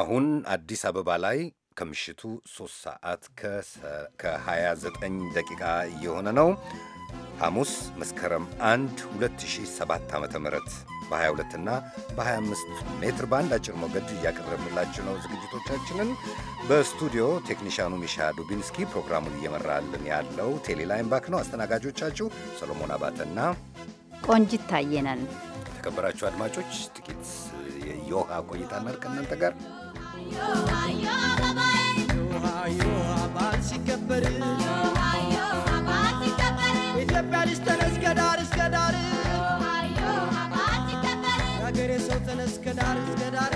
አሁን አዲስ አበባ ላይ ከምሽቱ 3 ሰዓት ከ29 ደቂቃ እየሆነ ነው። ሐሙስ መስከረም 1 2007 ዓ ም በ22 እና በ25 ሜትር ባንድ አጭር ሞገድ እያቀረብንላችሁ ነው ዝግጅቶቻችንን። በስቱዲዮ ቴክኒሻኑ ሚሻ ዱቢንስኪ ፕሮግራሙን እየመራልን ያለው ቴሌላይም ባክ ነው። አስተናጋጆቻችሁ ሰሎሞን አባተና ቆንጂት ታየ ተከበራችሁ የተከበራችሁ አድማጮች ጥቂት የውሃ ቆይታ እናድርግ ከእናንተ ጋር ዮሃ ዮሃ ሲከበር ተነስ ተነስ ከዳር እስከ ዳር ሰው ተነስ ከዳር እስከ ዳር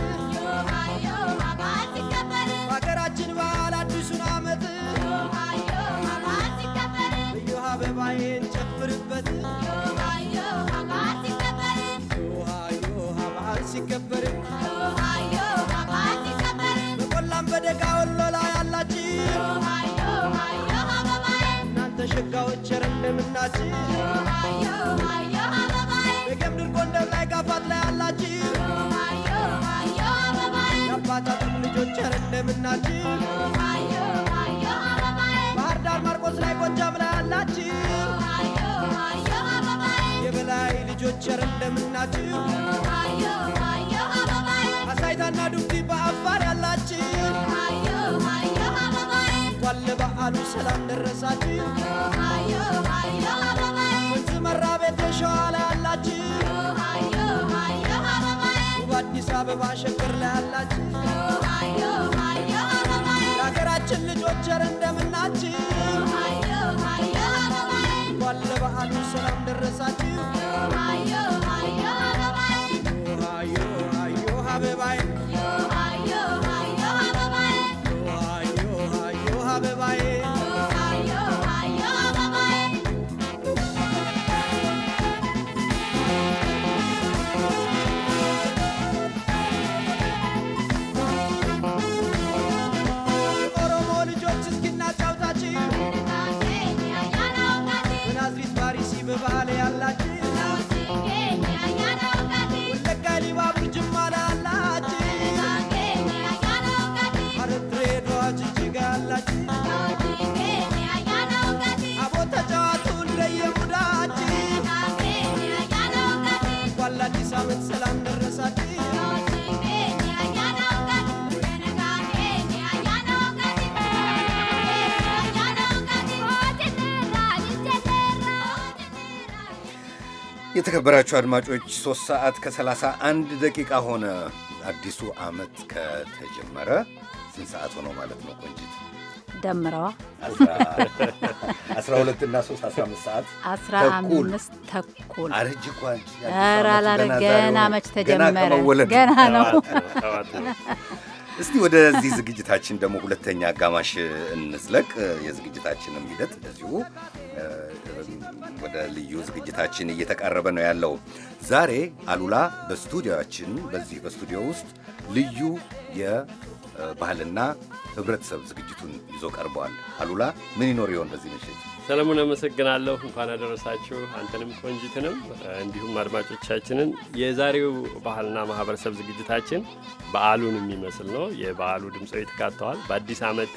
ሸጋዎች እንደምናችሁ በጌምድር ጎንደር ላይ ጋፋት ላይ አላችሁ የአባታችን ልጆች እንደምናችሁ ባህር ዳር ማርቆስ ላይ ጎጃም ላይ አላች የበላይ ልጆች እንደምናችሁ ለበዓሉ ሰላም ደረሳችሁ። ወንዝ መራ ቤት ሸዋ ላይ አላችሁ በአዲስ አበባ ሸገር ላይ ያላችሁ፣ የሀገራችን ልጆች ቸር እንደምናችሁ የተከበራችሁ አድማጮች ሶስት ሰዓት ከሰላሳ አንድ ደቂቃ ሆነ። አዲሱ ዓመት ከተጀመረ ስንት ሰዓት ሆነው ማለት ነው? ቆንጂት ደምረዋ አስራ ሁለት እና ሶስት አስራ አምስት ሰዓት አስራ አምስት ተኩል አረጅ ገና መች ተጀመረ ገና ነው እስቲ ወደዚህ ዝግጅታችን ደግሞ ሁለተኛ አጋማሽ እንዝለቅ። የዝግጅታችንም ሂደት እንደዚሁ ወደ ልዩ ዝግጅታችን እየተቃረበ ነው ያለው። ዛሬ አሉላ በስቱዲዮችን በዚህ በስቱዲዮ ውስጥ ልዩ የባህልና ህብረተሰብ ዝግጅቱን ይዞ ቀርበዋል። አሉላ ምን ይኖር ይሆን በዚህ ምሽት? ሰለሞን አመሰግናለሁ። እንኳን አደረሳችሁ። አንተንም ቆንጂትንም እንዲሁም አድማጮቻችንን። የዛሬው ባህልና ማህበረሰብ ዝግጅታችን በዓሉን የሚመስል ነው። የበዓሉ ድምፆች ተካተዋል። በአዲስ ዓመት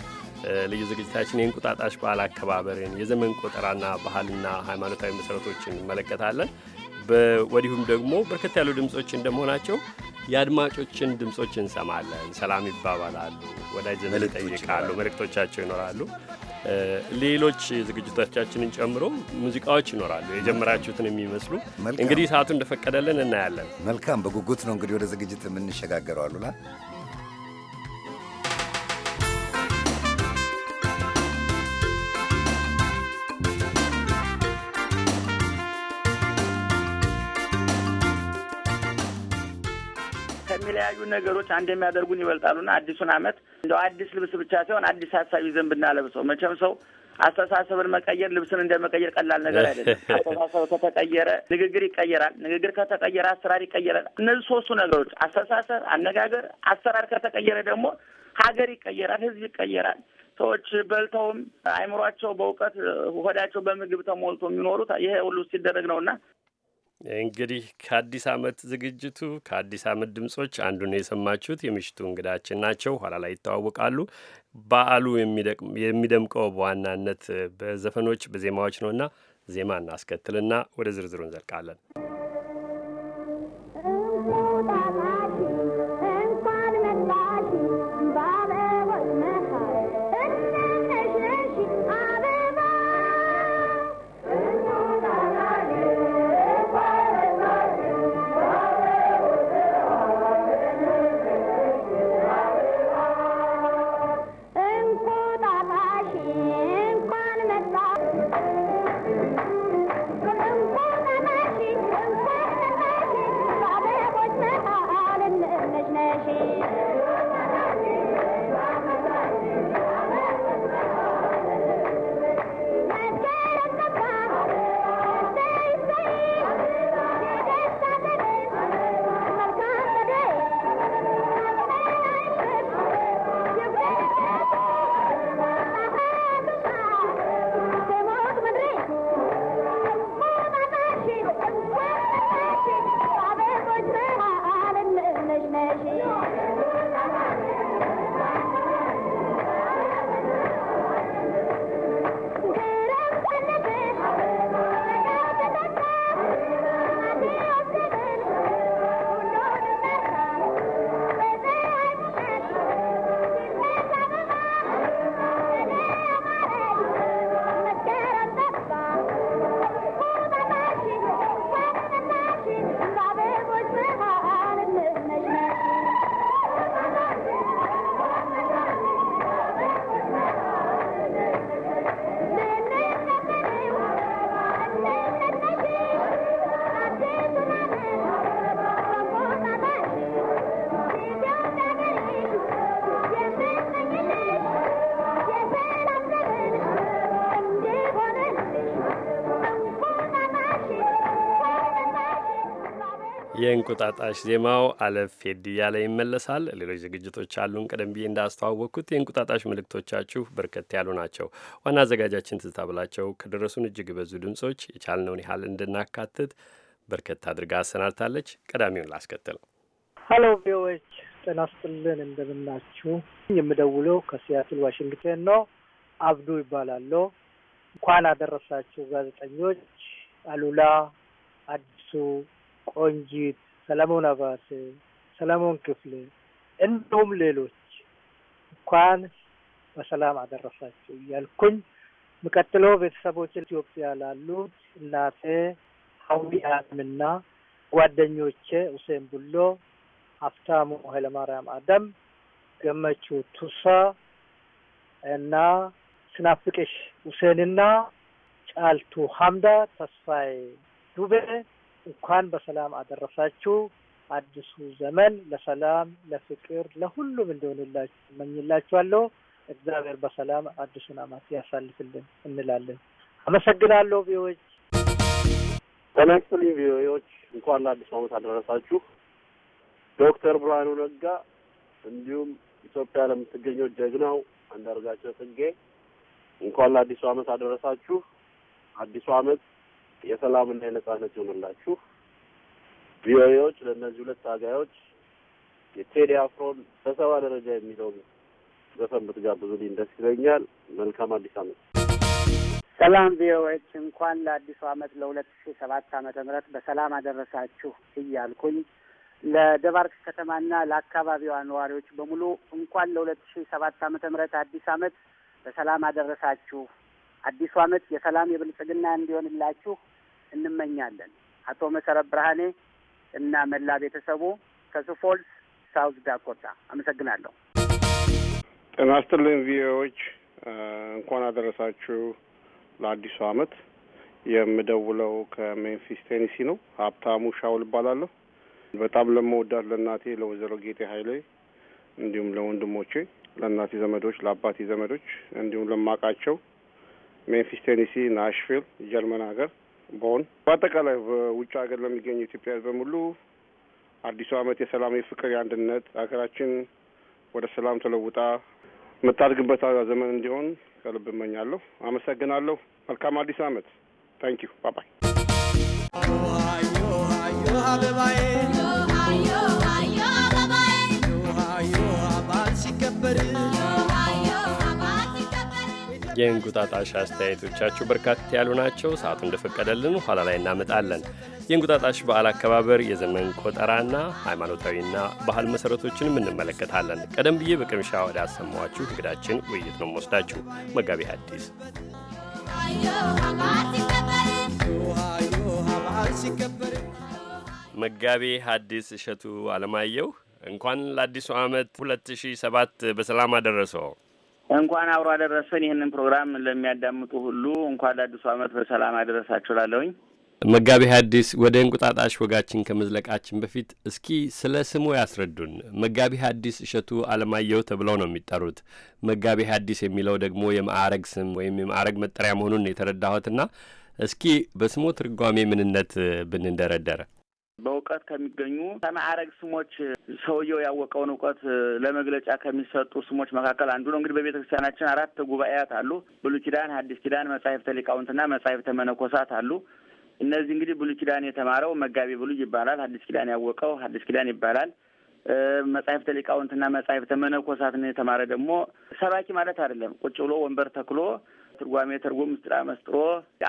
ልዩ ዝግጅታችን የእንቁጣጣሽ በዓል አከባበርን፣ የዘመን ቆጠራና ባህልና ሃይማኖታዊ መሰረቶችን እንመለከታለን። ወዲሁም ደግሞ በርከት ያሉ ድምጾች እንደመሆናቸው የአድማጮችን ድምጾች እንሰማለን። ሰላም ይባባላሉ፣ ወዳጅ ዘመድ ይጠይቃሉ፣ መልእክቶቻቸው ይኖራሉ። ሌሎች ዝግጅቶቻችንን ጨምሮ ሙዚቃዎች ይኖራሉ፣ የጀመራችሁትን የሚመስሉ እንግዲህ ሰዓቱ እንደፈቀደልን እናያለን። መልካም፣ በጉጉት ነው እንግዲህ ወደ ዝግጅት የምንሸጋገረው አሉላ የተለያዩ ነገሮች አንድ የሚያደርጉን ይበልጣሉና አዲሱን ዓመት እንደው አዲስ ልብስ ብቻ ሳይሆን አዲስ ሀሳብ ይዘን ብናለብሰው መቼም ሰው አስተሳሰብን መቀየር ልብስን እንደ መቀየር ቀላል ነገር አይደለም። አስተሳሰብ ከተቀየረ ንግግር ይቀየራል። ንግግር ከተቀየረ አሰራር ይቀየራል። እነዚህ ሶስቱ ነገሮች አስተሳሰብ፣ አነጋገር፣ አሰራር ከተቀየረ ደግሞ ሀገር ይቀየራል፣ ህዝብ ይቀየራል። ሰዎች በልተውም አይምሯቸው በእውቀት ሆዳቸው በምግብ ተሞልቶ የሚኖሩት ይሄ ሁሉ ሲደረግ ነው እና እንግዲህ ከአዲስ ዓመት ዝግጅቱ ከአዲስ ዓመት ድምጾች አንዱን የሰማችሁት የምሽቱ እንግዳችን ናቸው። ኋላ ላይ ይተዋወቃሉ። በዓሉ የሚደምቀው በዋናነት በዘፈኖች በዜማዎች ነውና ዜማ እናስከትልና ወደ ዝርዝሩ እንዘልቃለን። የእንቁጣጣሽ ዜማው አለፍ ሄድ እያለ ይመለሳል። ሌሎች ዝግጅቶች አሉን። ቀደም ብዬ እንዳስተዋወቅኩት የእንቁጣጣሽ ምልክቶቻችሁ በርከት ያሉ ናቸው። ዋና አዘጋጃችን ትዝታ ብላቸው ከደረሱን እጅግ የበዙ ድምጾች የቻልነውን ያህል እንድናካትት በርከት አድርጋ አሰናድታለች። ቀዳሚውን ላስከትል። ሀሎ ቪዎች ጤና ይስጥልን፣ እንደምናችሁ። የምደውለው ከሲያትል ዋሽንግተን ነው። አብዱ ይባላለሁ። እንኳን አደረሳችሁ ጋዜጠኞች አሉላ አዲሱ ቆንጂት፣ ሰለሞን አባተ፣ ሰለሞን ክፍሌ እንዲሁም ሌሎች እንኳን በሰላም አደረሳቸው እያልኩኝ ምቀጥለው ቤተሰቦች ኢትዮጵያ ላሉት እናቴ ሀዊ አለምና ጓደኞቼ ሁሴን ቡሎ፣ ሀብታሙ ኃይለማርያም አደም፣ ገመቹ ቱሳ እና ስናፍቅሽ ሁሴንና ጫልቱ ሀምዳ ተስፋዬ ዱቤ እንኳን በሰላም አደረሳችሁ። አዲሱ ዘመን ለሰላም፣ ለፍቅር፣ ለሁሉም እንደሆንላችሁ እመኝላችኋለሁ። እግዚአብሔር በሰላም አዲሱን ዓመት ያሳልፍልን እንላለን። አመሰግናለሁ። ቪዎች ተነስልኝ። ቪዎዎች እንኳን ለአዲሱ ዓመት አደረሳችሁ። ዶክተር ብርሃኑ ነጋ እንዲሁም ኢትዮጵያ ለምትገኘው ጀግናው አንዳርጋቸው ጽጌ እንኳን ለአዲሱ ዓመት አደረሳችሁ። አዲሱ ዓመት የሰላምና የነጻነት ይሆንላችሁ። ቪኦኤዎች ለእነዚህ ሁለት አጋዮች የቴዲ አፍሮን በሰባ ደረጃ የሚለውን ዘፈን ብትጋብዙልኝ ደስ ይለኛል። መልካም አዲስ አመት። ሰላም ቪኦኤዎች፣ እንኳን ለአዲሱ ዓመት ለሁለት ሺ ሰባት አመተ ምህረት በሰላም አደረሳችሁ እያልኩኝ ለደባርክ ከተማና ለአካባቢዋ ነዋሪዎች በሙሉ እንኳን ለሁለት ሺ ሰባት አመተ ምህረት አዲስ አመት በሰላም አደረሳችሁ። አዲሱ ዓመት የሰላም የብልጽግና እንዲሆንላችሁ እንመኛለን። አቶ መሰረት ብርሃኔ እና መላ ቤተሰቡ ከሱፎልስ ሳውዝ ዳኮታ አመሰግናለሁ። ጤና ይስጥልኝ ቪኦኤዎች፣ እንኳን አደረሳችሁ ለአዲሱ አመት የምደውለው ከሜንፊስ ቴኒሲ ነው። ሀብታሙ ሻውል እባላለሁ። በጣም ለመወዳት ለእናቴ ለወይዘሮ ጌጤ ኃይሌ እንዲሁም ለወንድሞቼ ለእናቴ ዘመዶች፣ ለአባቴ ዘመዶች እንዲሁም ለማውቃቸው ሜንፊስ ቴኒሲ፣ ናሽቪል ጀርመን ሀገር በሆን በአጠቃላይ በውጭ ሀገር ለሚገኙ ኢትዮጵያ በሙሉ አዲሱ ዓመት የሰላም፣ የፍቅር፣ የአንድነት ሀገራችን ወደ ሰላም ተለውጣ የምታድግበት ዘመን እንዲሆን ከልብ እመኛለሁ። አመሰግናለሁ። መልካም አዲስ ዓመት። ታንኪዩ ባባይ አበባዬ ሲከበር የእንቁጣጣሽ አስተያየቶቻችሁ በርካታ ያሉ ናቸው። ሰዓቱ እንደፈቀደልን ኋላ ላይ እናመጣለን። የእንቁጣጣሽ በዓል አከባበር፣ የዘመን ቆጠራና ሃይማኖታዊና ባህል መሠረቶችንም እንመለከታለን። ቀደም ብዬ በቅምሻ ወደ አሰማኋችሁ እንግዳችን ውይይት ነው መወስዳችሁ መጋቢ አዲስ መጋቤ ሐዲስ እሸቱ አለማየሁ እንኳን ለአዲሱ ዓመት 2007 በሰላም አደረሰው። እንኳን አብሮ አደረሰን። ይህንን ፕሮግራም ለሚያዳምጡ ሁሉ እንኳን ለአዲሱ ዓመት በሰላም አደረሳችሁ ላለሁኝ መጋቢ ሐዲስ ወደ እንቁጣጣሽ ወጋችን ከመዝለቃችን በፊት እስኪ ስለ ስሙ ያስረዱን። መጋቢ ሐዲስ እሸቱ አለማየሁ ተብለው ነው የሚጠሩት። መጋቢ ሐዲስ የሚለው ደግሞ የማዕረግ ስም ወይም የማዕረግ መጠሪያ መሆኑን የተረዳሁትና እስኪ በስሙ ትርጓሜ ምንነት ብንደረደረ በእውቀት ከሚገኙ ከማዕረግ ስሞች ሰውየው ያወቀውን እውቀት ለመግለጫ ከሚሰጡ ስሞች መካከል አንዱ ነው። እንግዲህ በቤተ ክርስቲያናችን አራት ጉባኤያት አሉ። ብሉይ ኪዳን፣ ሐዲስ ኪዳን፣ መጻሕፍተ ሊቃውንትና መጻሕፍተ መነኮሳት አሉ። እነዚህ እንግዲህ ብሉይ ኪዳን የተማረው መጋቢ ብሉይ ይባላል። ሐዲስ ኪዳን ያወቀው ሐዲስ ኪዳን ይባላል። መጻሕፍተ ሊቃውንትና መጻሕፍተ መነኮሳትን የተማረ ደግሞ ሰባኪ ማለት አይደለም። ቁጭ ብሎ ወንበር ተክሎ ትርጓሜ ተርጎም ምስጢር መስጥሮ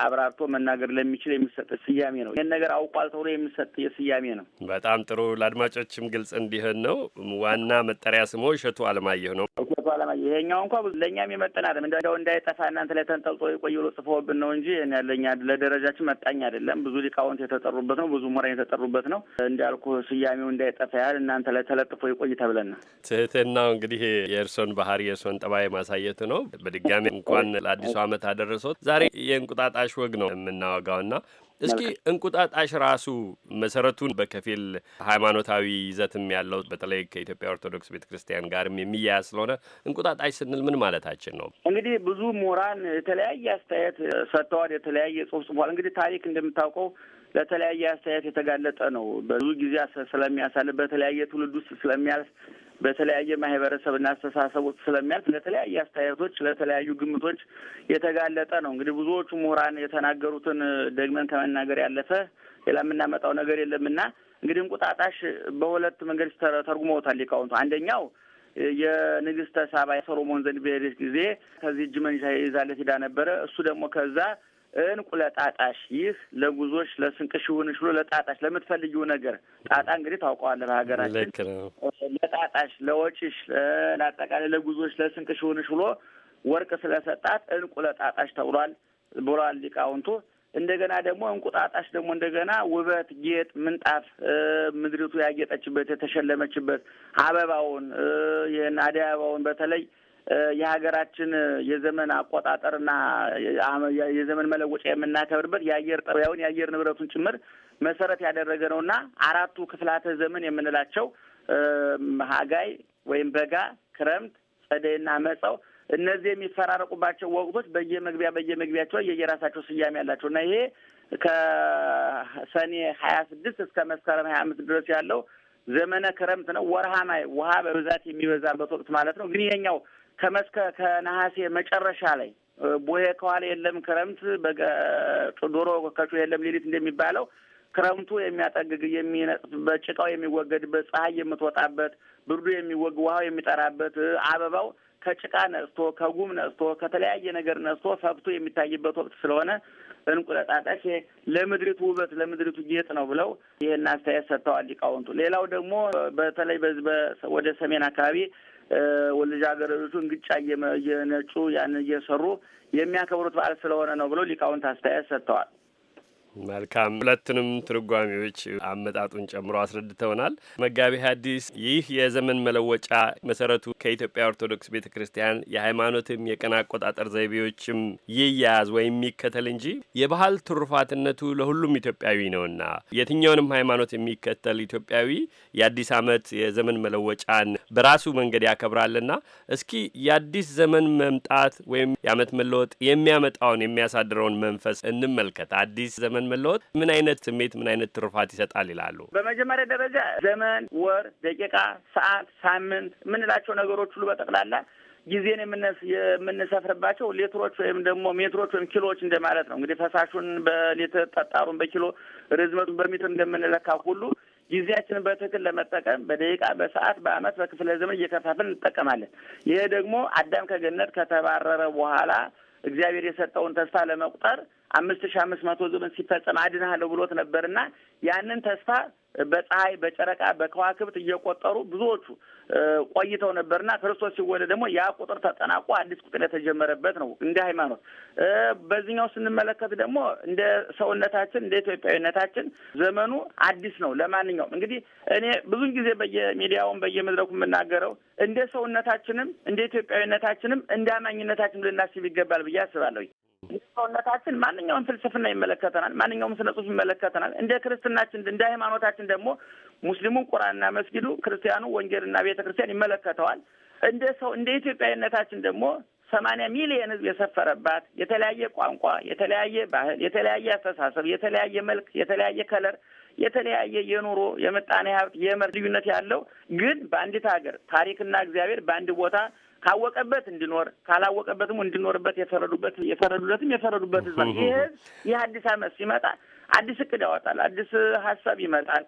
አብራርቶ መናገር ለሚችል የሚሰጥ ስያሜ ነው። ይህን ነገር አውቋል ተብሎ የሚሰጥ የስያሜ ነው። በጣም ጥሩ። ለአድማጮችም ግልጽ እንዲሆን ነው። ዋና መጠሪያ ስሞ እሸቱ አለማየሁ ነው። እውነቱ አላማ ይሄኛው እንኳ ለእኛ የመጠን አይደለም። እንደው እንዳይጠፋ እናንተ ላይ ተንጠልጥሎ የቆየ ብሎ ጽፎብን ነው እንጂ ይህን ያለኛ ለደረጃችን መጣኝ አይደለም። ብዙ ሊቃውንት የተጠሩበት ነው። ብዙ ምሁራን የተጠሩበት ነው። እንዳልኩ ስያሜው እንዳይጠፋ ያህል እናንተ ላይ ተለጥፎ ይቆይ ተብለን ነው። ትህትናው እንግዲህ የእርሶን ባህሪ የእርሶን ጠባይ ማሳየቱ ነው። በድጋሚ እንኳን ለአዲሱ አመት አደረሰት። ዛሬ የእንቁጣጣሽ ወግ ነው የምናወጋውና እስኪ እንቁጣጣሽ ራሱ መሰረቱን በከፊል ሃይማኖታዊ ይዘትም ያለው በተለይ ከኢትዮጵያ ኦርቶዶክስ ቤተ ክርስቲያን ጋርም የሚያያዝ ስለሆነ እንቁጣጣሽ ስንል ምን ማለታችን ነው? እንግዲህ ብዙ ምሁራን የተለያየ አስተያየት ሰጥተዋል፣ የተለያየ ጽሁፍ ጽፏል። እንግዲህ ታሪክ እንደምታውቀው ለተለያየ አስተያየት የተጋለጠ ነው። ብዙ ጊዜ ስለሚያሳልፍ በተለያየ ትውልድ ውስጥ ስለሚያልፍ በተለያየ ማህበረሰብና አስተሳሰብ ውስጥ ስለሚያልፍ ለተለያየ አስተያየቶች፣ ለተለያዩ ግምቶች የተጋለጠ ነው። እንግዲህ ብዙዎቹ ምሁራን የተናገሩትን ደግመን ከመናገር ያለፈ ሌላ የምናመጣው ነገር የለምና እንግዲህ እንቁጣጣሽ በሁለት መንገድ ተርጉመውታል ሊቃውንቱ። አንደኛው የንግስተ ሳባ ሰሎሞን ዘንድ በሄደች ጊዜ ከዚህ እጅ መንሻ ይዛለት ሄዳ ነበረ። እሱ ደግሞ ከዛ እንቁ ለጣጣሽ ይህ ለጉዞች ለስንቅሽ ይሁንሽ ብሎ ለጣጣሽ ለምትፈልጊው ነገር ጣጣ እንግዲህ ታውቀዋለህ በሀገራችን። ለጣጣሽ ለወጪሽ፣ ለአጠቃላይ ለጉዞች ለስንቅሽ ይሁንሽ ብሎ ወርቅ ስለሰጣት እንቁ ለጣጣሽ ተብሏል ብሏል ሊቃውንቱ። እንደገና ደግሞ ጣጣሽ ደግሞ እንደገና ውበት፣ ጌጥ፣ ምንጣፍ ምድሪቱ ያጌጠችበት የተሸለመችበት አበባውን ይህን አደይ አበባውን በተለይ የሀገራችን የዘመን አቆጣጠርና የዘመን መለወጫ የምናከብርበት የአየር ጠቢያውን የአየር ንብረቱን ጭምር መሰረት ያደረገ ነው እና አራቱ ክፍላተ ዘመን የምንላቸው ሀጋይ ወይም በጋ፣ ክረምት፣ ጸደይና መጸው እነዚህ የሚፈራረቁባቸው ወቅቶች በየመግቢያ በየመግቢያቸው የየራሳቸው ስያሜ ያላቸው እና ይሄ ከሰኔ ሀያ ስድስት እስከ መስከረም ሀያ አምስት ድረስ ያለው ዘመነ ክረምት ነው። ወርሃ ማይ ውሃ በብዛት የሚበዛበት ወቅት ማለት ነው። ግን ይሄኛው ከመስከ ከነሐሴ መጨረሻ ላይ ቦሄ ከኋላ የለም ክረምት ዶሮ ከጮ የለም ሌሊት እንደሚባለው ክረምቱ የሚያጠግግ የሚነጥፍበት፣ ጭቃው የሚወገድበት፣ ፀሐይ የምትወጣበት፣ ብርዱ የሚወግ ውሃው የሚጠራበት፣ አበባው ከጭቃ ነጽቶ ከጉም ነጽቶ ከተለያየ ነገር ነጽቶ ፈብቶ የሚታይበት ወቅት ስለሆነ እንቁለጣጠሽ ለምድሪቱ ውበት ለምድሪቱ ጌጥ ነው ብለው ይህን አስተያየት ሰጥተዋል ሊቃውንቱ። ሌላው ደግሞ በተለይ በዚህ ወደ ሰሜን አካባቢ ልጃገረዶቹ እንግጫ እየነጩ ያን እየሰሩ የሚያከብሩት በዓል ስለሆነ ነው ብለው ሊቃውንት አስተያየት ሰጥተዋል። መልካም ሁለቱንም ትርጓሚዎች አመጣጡን ጨምሮ አስረድተውናል። መጋቢ ሐዲስ ይህ የዘመን መለወጫ መሰረቱ ከኢትዮጵያ ኦርቶዶክስ ቤተ ክርስቲያን የሃይማኖትም የቀን አቆጣጠር ዘይቤዎችም ይያያዝ ወይም ይከተል እንጂ የባህል ትሩፋትነቱ ለሁሉም ኢትዮጵያዊ ነውና የትኛውንም ሃይማኖት የሚከተል ኢትዮጵያዊ የአዲስ ዓመት የዘመን መለወጫን በራሱ መንገድ ያከብራልና እስኪ የአዲስ ዘመን መምጣት ወይም የአመት መለወጥ የሚያመጣውን የሚያሳድረውን መንፈስ እንመልከት። አዲስ ዘመን ዘመን መለወጥ ምን አይነት ስሜት ምን አይነት ትሩፋት ይሰጣል ይላሉ? በመጀመሪያ ደረጃ ዘመን፣ ወር፣ ደቂቃ፣ ሰዓት፣ ሳምንት የምንላቸው ነገሮች ሁሉ በጠቅላላ ጊዜን የምንሰፍርባቸው ሌትሮች ወይም ደግሞ ሜትሮች ወይም ኪሎዎች እንደማለት ነው። እንግዲህ ፈሳሹን በሌትር ጠጣሩን በኪሎ ርዝመቱን በሜትር እንደምንለካ ሁሉ ጊዜያችንን በትክክል ለመጠቀም በደቂቃ፣ በሰዓት፣ በዓመት፣ በክፍለ ዘመን እየከፋፍል እንጠቀማለን። ይሄ ደግሞ አዳም ከገነት ከተባረረ በኋላ እግዚአብሔር የሰጠውን ተስፋ ለመቁጠር አምስት ሺህ አምስት መቶ ግብን ሲፈጸም አድናለሁ ብሎት ነበርና ያንን ተስፋ በፀሐይ በጨረቃ በከዋክብት እየቆጠሩ ብዙዎቹ ቆይተው ነበርና ክርስቶስ ሲወለድ ደግሞ ያ ቁጥር ተጠናቆ አዲስ ቁጥር የተጀመረበት ነው እንደ ሃይማኖት። በዚህኛው ስንመለከት ደግሞ እንደ ሰውነታችን እንደ ኢትዮጵያዊነታችን ዘመኑ አዲስ ነው። ለማንኛውም እንግዲህ እኔ ብዙን ጊዜ በየሚዲያውን በየመድረኩ የምናገረው እንደ ሰውነታችንም እንደ ኢትዮጵያዊነታችንም እንደ አማኝነታችን ልናስብ ይገባል ብዬ አስባለሁ። ሰውነታችን ማንኛውም ፍልስፍና ይመለከተናል፣ ማንኛውም ስነ ጽሁፍ ይመለከተናል። እንደ ክርስትናችን እንደ ሃይማኖታችን በተጨማሪም ደግሞ ሙስሊሙን ቁርአንና መስጊዱ፣ ክርስቲያኑ ወንጌልና ቤተ ክርስቲያን ይመለከተዋል። እንደ ሰው እንደ ኢትዮጵያዊነታችን ደግሞ ሰማንያ ሚሊየን ህዝብ የሰፈረባት የተለያየ ቋንቋ፣ የተለያየ ባህል፣ የተለያየ አስተሳሰብ፣ የተለያየ መልክ፣ የተለያየ ከለር፣ የተለያየ የኑሮ የምጣኔ ሀብት የመርት ልዩነት ያለው ግን በአንዲት ሀገር ታሪክና እግዚአብሔር በአንድ ቦታ ካወቀበት እንዲኖር ካላወቀበትም እንዲኖርበት የፈረዱበት የፈረዱለትም የፈረዱበት ህዝብ ይህ ህዝብ ይህ አዲስ ዓመት ሲመጣ አዲስ እቅድ ያወጣል፣ አዲስ ሀሳብ ይመጣል።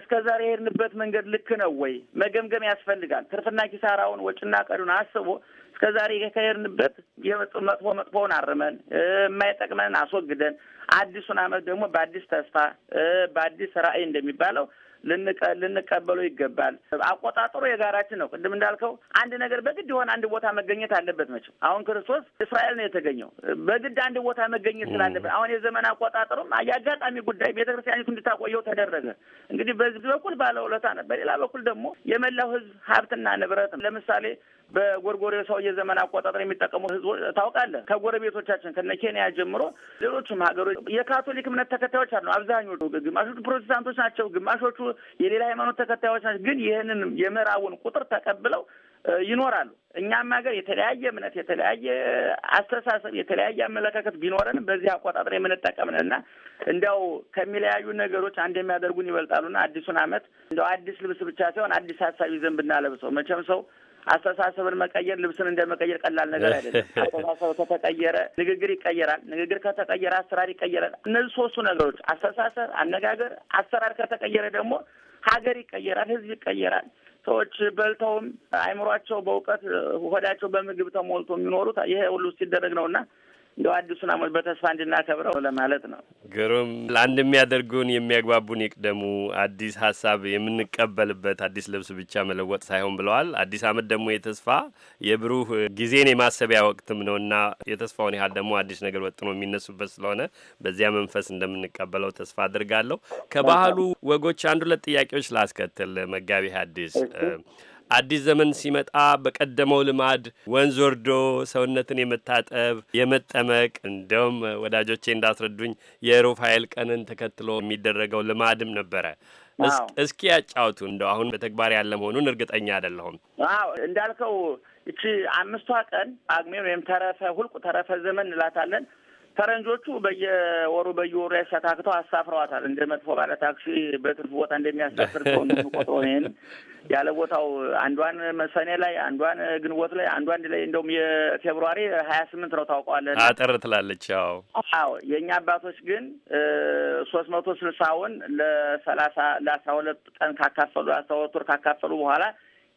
እስከ ዛሬ የሄድንበት መንገድ ልክ ነው ወይ መገምገም ያስፈልጋል። ትርፍና ኪሳራውን ወጭና ቀዱን አስቦ እስከ ዛሬ ከሄድንበት መጥፎ መጥፎውን አርመን የማይጠቅመን አስወግደን አዲሱን ዓመት ደግሞ በአዲስ ተስፋ በአዲስ ራዕይ እንደሚባለው ልንቀበለው ይገባል። አቆጣጠሩ የጋራችን ነው። ቅድም እንዳልከው አንድ ነገር በግድ የሆነ አንድ ቦታ መገኘት አለበት። መቼም አሁን ክርስቶስ እስራኤል ነው የተገኘው በግድ አንድ ቦታ መገኘት ስላለበት አሁን የዘመን አቆጣጠሩም የአጋጣሚ ጉዳይ ቤተክርስቲያኒቱ እንድታቆየው ተደረገ። እንግዲህ በዚህ በኩል ባለውለታ ነበር። በሌላ በኩል ደግሞ የመላው ህዝብ ሀብትና ንብረት ለምሳሌ በጎርጎሬሳዊ የዘመን አቆጣጠር የሚጠቀሙ ህዝቦች ታውቃለህ። ከጎረቤቶቻችን ከነ ኬንያ ጀምሮ ሌሎቹም ሀገሮች የካቶሊክ እምነት ተከታዮች አሉ። አብዛኞቹ ግማሾቹ ፕሮቴስታንቶች ናቸው፣ ግማሾቹ የሌላ ሃይማኖት ተከታዮች ናቸው። ግን ይህንን የምዕራቡን ቁጥር ተቀብለው ይኖራሉ። እኛም ሀገር የተለያየ እምነት፣ የተለያየ አስተሳሰብ፣ የተለያየ አመለካከት ቢኖረንም በዚህ አቆጣጠር የምንጠቀምን እና እንዲያው ከሚለያዩ ነገሮች አንድ የሚያደርጉን ይበልጣሉና አዲሱን ዓመት እንዲያው አዲስ ልብስ ብቻ ሳይሆን አዲስ ሀሳብ ይዘን ብናለብሰው መቼም ሰው አስተሳሰብን መቀየር ልብስን እንደመቀየር ቀላል ነገር አይደለም። አስተሳሰብ ከተቀየረ ንግግር ይቀየራል። ንግግር ከተቀየረ አሰራር ይቀየራል። እነዚህ ሶስቱ ነገሮች አስተሳሰብ፣ አነጋገር፣ አሰራር ከተቀየረ ደግሞ ሀገር ይቀየራል፣ ህዝብ ይቀየራል። ሰዎች በልተውም አይምሯቸው በእውቀት ሆዳቸው በምግብ ተሞልቶ የሚኖሩት ይሄ ሁሉ ሲደረግ ነው እና እንደው አዲሱን አመት በተስፋ እንድናከብረው ለማለት ነው። ግሩም ለአንድ የሚያደርጉን የሚያግባቡን የቅደሙ አዲስ ሀሳብ የምንቀበልበት አዲስ ልብስ ብቻ መለወጥ ሳይሆን ብለዋል። አዲስ ዓመት ደግሞ የተስፋ የብሩህ ጊዜን የማሰቢያ ወቅትም ነው እና የተስፋውን ያህል ደግሞ አዲስ ነገር ወጥኖ የሚነሱበት ስለሆነ በዚያ መንፈስ እንደምንቀበለው ተስፋ አድርጋለሁ። ከባህሉ ወጎች አንድ ሁለት ጥያቄዎች ላስከትል መጋቢ አዲስ አዲስ ዘመን ሲመጣ በቀደመው ልማድ ወንዝ ወርዶ ሰውነትን የመታጠብ የመጠመቅ እንደውም ወዳጆቼ እንዳስረዱኝ የሩፋኤል ቀንን ተከትሎ የሚደረገው ልማድም ነበረ። እስኪ ያጫውቱ እንደው አሁን በተግባር ያለ መሆኑን እርግጠኛ አይደለሁም። አዎ እንዳልከው እቺ አምስቷ ቀን ጳጉሜን ወይም ተረፈ ሁልቁ ተረፈ ዘመን እንላታለን። ፈረንጆቹ በየወሩ በየወሩ ያሻካክተው አሳፍረዋታል። እንደ መጥፎ ባለ ታክሲ በትርፍ ቦታ እንደሚያሳፍር ቆጥሮ ይህን ያለ ቦታው አንዷን ሰኔ ላይ አንዷን ግንቦት ላይ አንዷን ላይ እንደውም የፌብሩዋሪ ሀያ ስምንት ነው ታውቀዋለህ፣ አጠር ትላለች። አዎ አዎ። የእኛ አባቶች ግን ሶስት መቶ ስልሳውን ለሰላሳ ለአስራ ሁለት ቀን ካካፈሉ አስራ ሁለት ወር ካካፈሉ በኋላ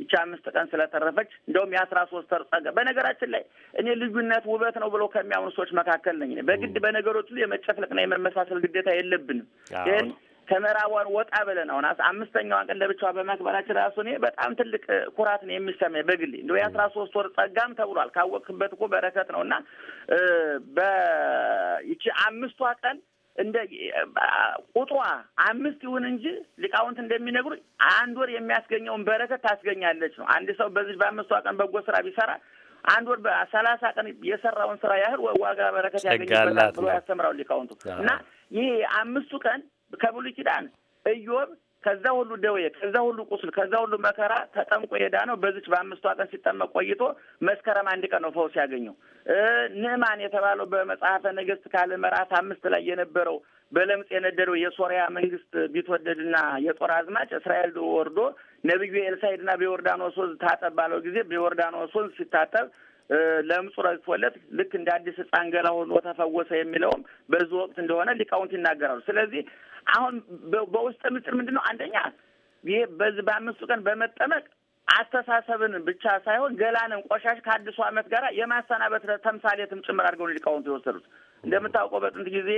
ይቺ አምስት ቀን ስለተረፈች እንደውም የአስራ ሶስት ተርጸገ በነገራችን ላይ እኔ ልዩነት ውበት ነው ብሎ ከሚያምኑ ሰዎች መካከል ነኝ። በግድ በነገሮች ሁሉ የመጨፍለቅና የመመሳሰል ግዴታ የለብንም ግን ከምዕራቧን ወጣ ብለን አሁን አምስተኛዋን ቀን ለብቻዋ በማክበራችን ራሱ እኔ በጣም ትልቅ ኩራት ነው የሚሰማኝ በግሌ። እንደው የአስራ ሶስት ወር ጸጋም ተብሏል ካወቅክበት እኮ በረከት ነው እና በይቺ አምስቷ ቀን እንደ ቁጥሯ አምስት ይሁን እንጂ ሊቃውንት እንደሚነግሩ አንድ ወር የሚያስገኘውን በረከት ታስገኛለች ነው። አንድ ሰው በዚህ በአምስቷ ቀን በጎ ስራ ቢሰራ አንድ ወር በሰላሳ ቀን የሰራውን ስራ ያህል ዋጋ በረከት ያገኝበታል ብሎ ያስተምራው ሊቃውንቱ እና ይሄ አምስቱ ቀን ከብሉይ ኪዳን እዮብ ከዛ ሁሉ ደዌ፣ ከዛ ሁሉ ቁስል፣ ከዛ ሁሉ መከራ ተጠምቆ የዳ ነው። በዚች በአምስቷ ቀን ሲጠመቅ ቆይቶ መስከረም አንድ ቀን ነው ፈውስ ያገኘው። ንዕማን የተባለው በመጽሐፈ ነገሥት ካለ ምዕራፍ አምስት ላይ የነበረው በለምጽ የነደደው የሶሪያ መንግስት ቢትወደድና የጦር አዝማች እስራኤል ወርዶ ነቢዩ ኤልሳይድና በዮርዳኖስ ወንዝ ታጠብ ባለው ጊዜ በዮርዳኖስ ወንዝ ሲታጠብ ለምጹ ረግፎለት ልክ እንደ አዲስ ሕፃን ገላ ሆኖ ተፈወሰ የሚለውም በዚህ ወቅት እንደሆነ ሊቃውንት ይናገራሉ። ስለዚህ አሁን በውስጥ ምጥር ምንድን ነው? አንደኛ ይሄ በዚህ በአምስቱ ቀን በመጠመቅ አስተሳሰብን ብቻ ሳይሆን ገላንም ቆሻሽ ከአዲሱ ዓመት ጋር የማሰናበት ተምሳሌትም ጭምር አድርገው ሊቃውንቱ የወሰዱት። እንደምታውቀው በጥንት ጊዜ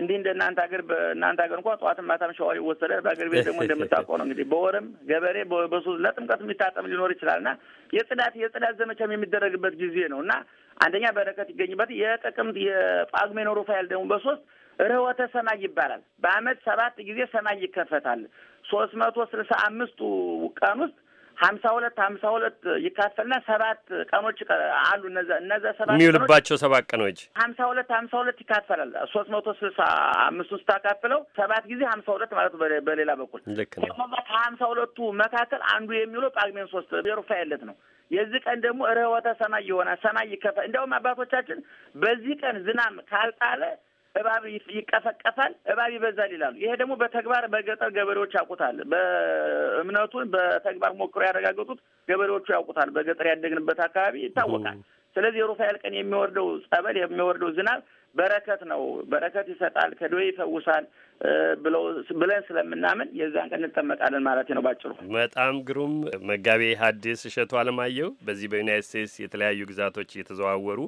እንዲህ እንደ እናንተ ሀገር በእናንተ ሀገር እንኳ ጠዋትም ማታም ሸዋ ይወሰዳል። በአገር ቤት ደግሞ እንደምታውቀው ነው እንግዲህ በወርም ገበሬ በሶስት ለጥምቀት የሚታጠም ሊኖር ይችላል እና የጽዳት የጽዳት ዘመቻም የሚደረግበት ጊዜ ነው እና አንደኛ በረከት ይገኝበት የጥቅምት የጳጉሜን ሩፋኤል ደግሞ በሶስት ርኅወተ ሰማይ ይባላል። በአመት ሰባት ጊዜ ሰማይ ይከፈታል። ሶስት መቶ ስልሳ አምስቱ ቀን ውስጥ ሀምሳ ሁለት ሀምሳ ሁለት ይካፈልና ሰባት ቀኖች አሉ። እነዛ ሰባት የሚውልባቸው ሰባት ቀኖች ሀምሳ ሁለት ሀምሳ ሁለት ይካፈላል። ሶስት መቶ ስልሳ አምስቱን ስታካፍለው ሰባት ጊዜ ሀምሳ ሁለት ማለት በሌላ በኩል ልክ ነው። ከሀምሳ ሁለቱ መካከል አንዱ የሚውለው ጳጉሜን ሶስት የሩፋ ያለት ነው። የዚህ ቀን ደግሞ ርኅወተ ሰማይ ይሆናል። ሰማይ ይከፈል። እንዲያውም አባቶቻችን በዚህ ቀን ዝናም ካልጣለ እባብ ይቀፈቀፋል፣ እባብ ይበዛል ይላሉ። ይሄ ደግሞ በተግባር በገጠር ገበሬዎች ያውቁታል። በእምነቱን በተግባር ሞክሮ ያረጋገጡት ገበሬዎቹ ያውቁታል። በገጠር ያደግንበት አካባቢ ይታወቃል። ስለዚህ የሩፋኤል ቀን የሚወርደው ጸበል የሚወርደው ዝናብ በረከት ነው። በረከት ይሰጣል፣ ከደዌ ይፈውሳል፣ ብለን ስለምናምን የዛን ቀን እንጠመቃለን ማለት ነው ባጭሩ። በጣም ግሩም። መጋቤ ሐዲስ እሸቱ አለማየሁ በዚህ በዩናይት ስቴትስ የተለያዩ ግዛቶች እየተዘዋወሩ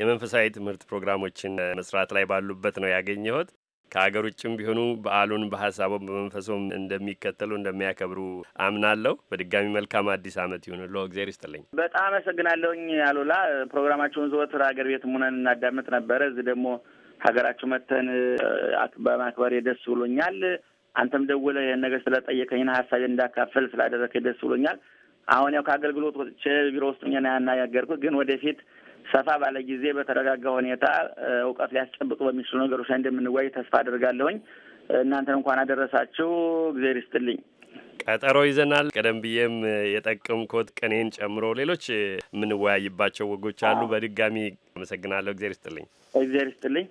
የመንፈሳዊ ትምህርት ፕሮግራሞችን መስራት ላይ ባሉበት ነው ያገኘሁት። ከሀገር ውጭም ቢሆኑ በዓሉን በሀሳቦም በመንፈሶም እንደሚከተሉ እንደሚያከብሩ አምናለሁ። በድጋሚ መልካም አዲስ ይሁን ሎ እግዚአብሔር ይስጥልኝ። በጣም አመሰግናለሁኝ አሉላ። ፕሮግራማቸውን ዘወትር ሀገር ቤት ሆነን እናዳምጥ ነበረ። እዚህ ደግሞ ሀገራችሁ መተን በማክበር ደስ ብሎኛል። አንተም ደውለህ ይህን ነገር ስለጠየቀኝና ሀሳቤ እንዳካፈል ስላደረከኝ ደስ ብሎኛል። አሁን ያው ከአገልግሎት ወጥቼ ቢሮ ውስጥ ኛ ያናገርኩት ግን ወደፊት ሰፋ ባለ ጊዜ በተረጋጋ ሁኔታ እውቀት ሊያስጨብጡ በሚችሉ ነገሮች ላይ እንደምንወያይ ተስፋ አድርጋለሁኝ። እናንተን እንኳን አደረሳችሁ። እግዜር ይስጥልኝ። ቀጠሮ ይዘናል። ቀደም ብዬም የጠቀምኩት ቅኔን ጨምሮ ሌሎች የምንወያይባቸው ወጎች አሉ። በድጋሚ አመሰግናለሁ። እግዜር ይስጥልኝ፣ እግዜር ይስጥልኝ።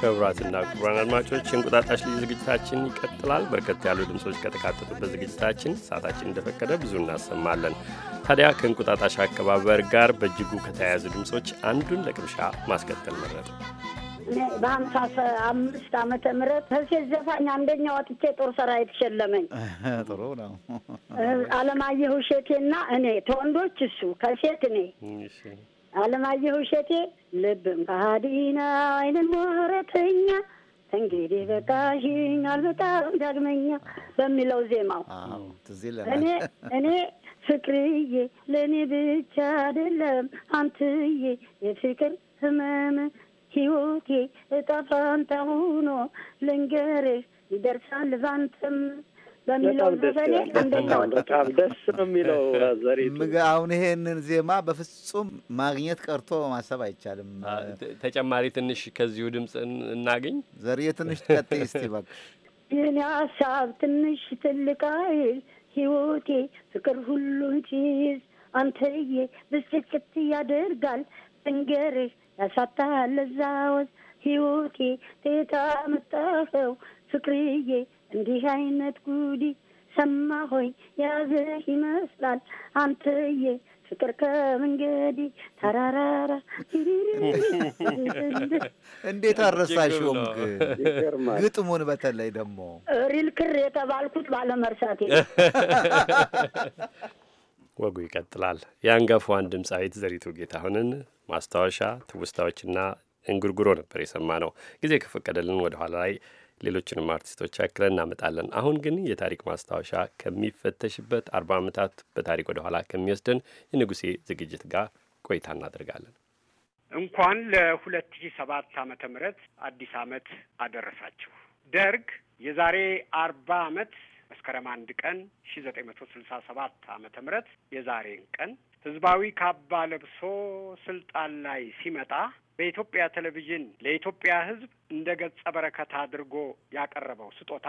ክቡራትና ክቡራን አድማጮች እንቁጣጣሽ ልዩ ዝግጅታችን ይቀጥላል። በርከት ያሉ ድምፆች ከተካተቱበት ዝግጅታችን ሰዓታችን እንደፈቀደ ብዙ እናሰማለን። ታዲያ ከእንቁጣጣሽ አከባበር ጋር በእጅጉ ከተያያዙ ድምፆች አንዱን ለቅምሻ ማስከተል መረጥ። በሀምሳ አምስት ዓመተ ምህረት ከሴት ዘፋኝ አንደኛ ወጥቼ ጦር ሰራዊት ሸለመኝ። ጥሩ ነው። አለማየሁ እሸቴና እኔ ተወንዶች እሱ ከሴት እኔ አለማየሁ እሸቴ ልብም ከሃዲና አይንን ወረተኛ እንግዲህ በቃሽኝ አልበጣም ዳግመኛ በሚለው ዜማው እኔ እኔ ፍቅርዬ ለእኔ ብቻ አይደለም አንትዬ የፍቅር ህመም ህይወቴ እጣፋንታ ሆኖ ልንገርህ ይደርሳል ባንተም በሚለው ዘፈኔ አንደኛ በጣም ደስ ነው የሚለው ዘሪቱ። አሁን ይሄንን ዜማ በፍጹም ማግኘት ቀርቶ ማሰብ አይቻልም። ተጨማሪ ትንሽ ከዚሁ ድምፅ እናገኝ። ዘርዬ ትንሽ ቀጥይ እስቲ እባክሽ። ይህን ሀሳብ ትንሽ ትልቅ አይል ህይወቴ ፍቅር ሁሉን ችይዝ አንተዬ ብስጭት ያደርጋል እንገርህ ያሳታል ለዛወዝ ህይወቴ ቴታ መጣኸው ፍቅርዬ እንዲህ አይነት ጉዲ ሰማ ሆይ ያዘህ ይመስላል አንተዬ ፍቅር ከመንገዲ ተራራራ እንዴት አረሳሽውም? ግጥሙን በተለይ ደግሞ ሪል ክር የተባልኩት ባለመርሳቴ። ወጉ ይቀጥላል። የአንጋፋዋን ድምፃዊት ዘሪቱ ጌታሁንን ማስታወሻ ትውስታዎችና እንጉርጉሮ ነበር የሰማ ነው። ጊዜ ከፈቀደልን ወደ ኋላ ላይ ሌሎችንም አርቲስቶች አክለን እናመጣለን። አሁን ግን የታሪክ ማስታወሻ ከሚፈተሽበት አርባ ዓመታት በታሪክ ወደ ኋላ ከሚወስደን የንጉሴ ዝግጅት ጋር ቆይታ እናደርጋለን። እንኳን ለሁለት ሺ ሰባት ዓመተ ምህረት አዲስ ዓመት አደረሳችሁ። ደርግ የዛሬ አርባ ዓመት መስከረም አንድ ቀን ሺ ዘጠኝ መቶ ስልሳ ሰባት ዓመተ ምህረት የዛሬን ቀን ህዝባዊ ካባ ለብሶ ስልጣን ላይ ሲመጣ በኢትዮጵያ ቴሌቪዥን ለኢትዮጵያ ሕዝብ እንደ ገጸ በረከት አድርጎ ያቀረበው ስጦታ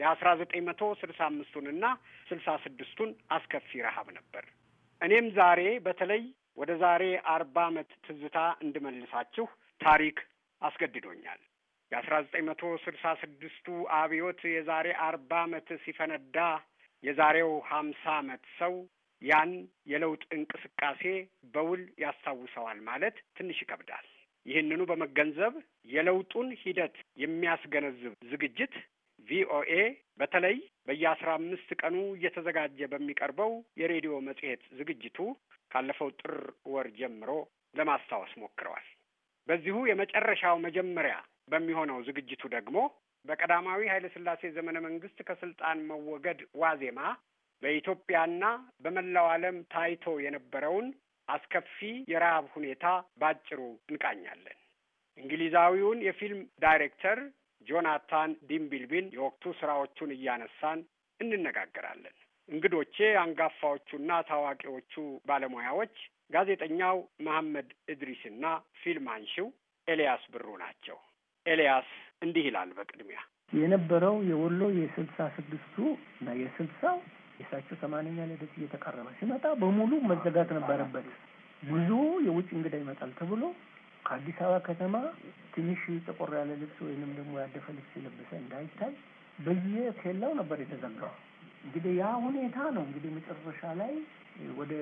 የአስራ ዘጠኝ መቶ ስልሳ አምስቱንና ስልሳ ስድስቱን አስከፊ ረሀብ ነበር። እኔም ዛሬ በተለይ ወደ ዛሬ አርባ ዓመት ትዝታ እንድመልሳችሁ ታሪክ አስገድዶኛል። የአስራ ዘጠኝ መቶ ስልሳ ስድስቱ አብዮት የዛሬ አርባ ዓመት ሲፈነዳ የዛሬው ሀምሳ ዓመት ሰው ያን የለውጥ እንቅስቃሴ በውል ያስታውሰዋል ማለት ትንሽ ይከብዳል። ይህንኑ በመገንዘብ የለውጡን ሂደት የሚያስገነዝብ ዝግጅት ቪኦኤ በተለይ በየአስራ አምስት ቀኑ እየተዘጋጀ በሚቀርበው የሬዲዮ መጽሔት ዝግጅቱ ካለፈው ጥር ወር ጀምሮ ለማስታወስ ሞክረዋል። በዚሁ የመጨረሻው መጀመሪያ በሚሆነው ዝግጅቱ ደግሞ በቀዳማዊ ኃይለ ሥላሴ ዘመነ መንግስት ከስልጣን መወገድ ዋዜማ በኢትዮጵያና በመላው ዓለም ታይቶ የነበረውን አስከፊ የረሃብ ሁኔታ ባጭሩ እንቃኛለን። እንግሊዛዊውን የፊልም ዳይሬክተር ጆናታን ዲምቢልቢን የወቅቱ ስራዎቹን እያነሳን እንነጋገራለን። እንግዶቼ አንጋፋዎቹና ታዋቂዎቹ ባለሙያዎች ጋዜጠኛው መሐመድ እድሪስና ፊልም አንሺው ኤልያስ ብሩ ናቸው። ኤልያስ እንዲህ ይላል። በቅድሚያ የነበረው የወሎ የስልሳ ስድስቱ እና የስልሳው የእሳቸው ሰማንያኛ ልደት እየተቃረበ ሲመጣ በሙሉ መዘጋት ነበረበት። ብዙ የውጭ እንግዳ ይመጣል ተብሎ ከአዲስ አበባ ከተማ ትንሽ ጥቁር ያለ ልብስ ወይንም ደግሞ ያደፈ ልብስ የለበሰ እንዳይታይ በየኬላው ነበር የተዘጋው። እንግዲህ ያ ሁኔታ ነው እንግዲህ መጨረሻ ላይ ወደ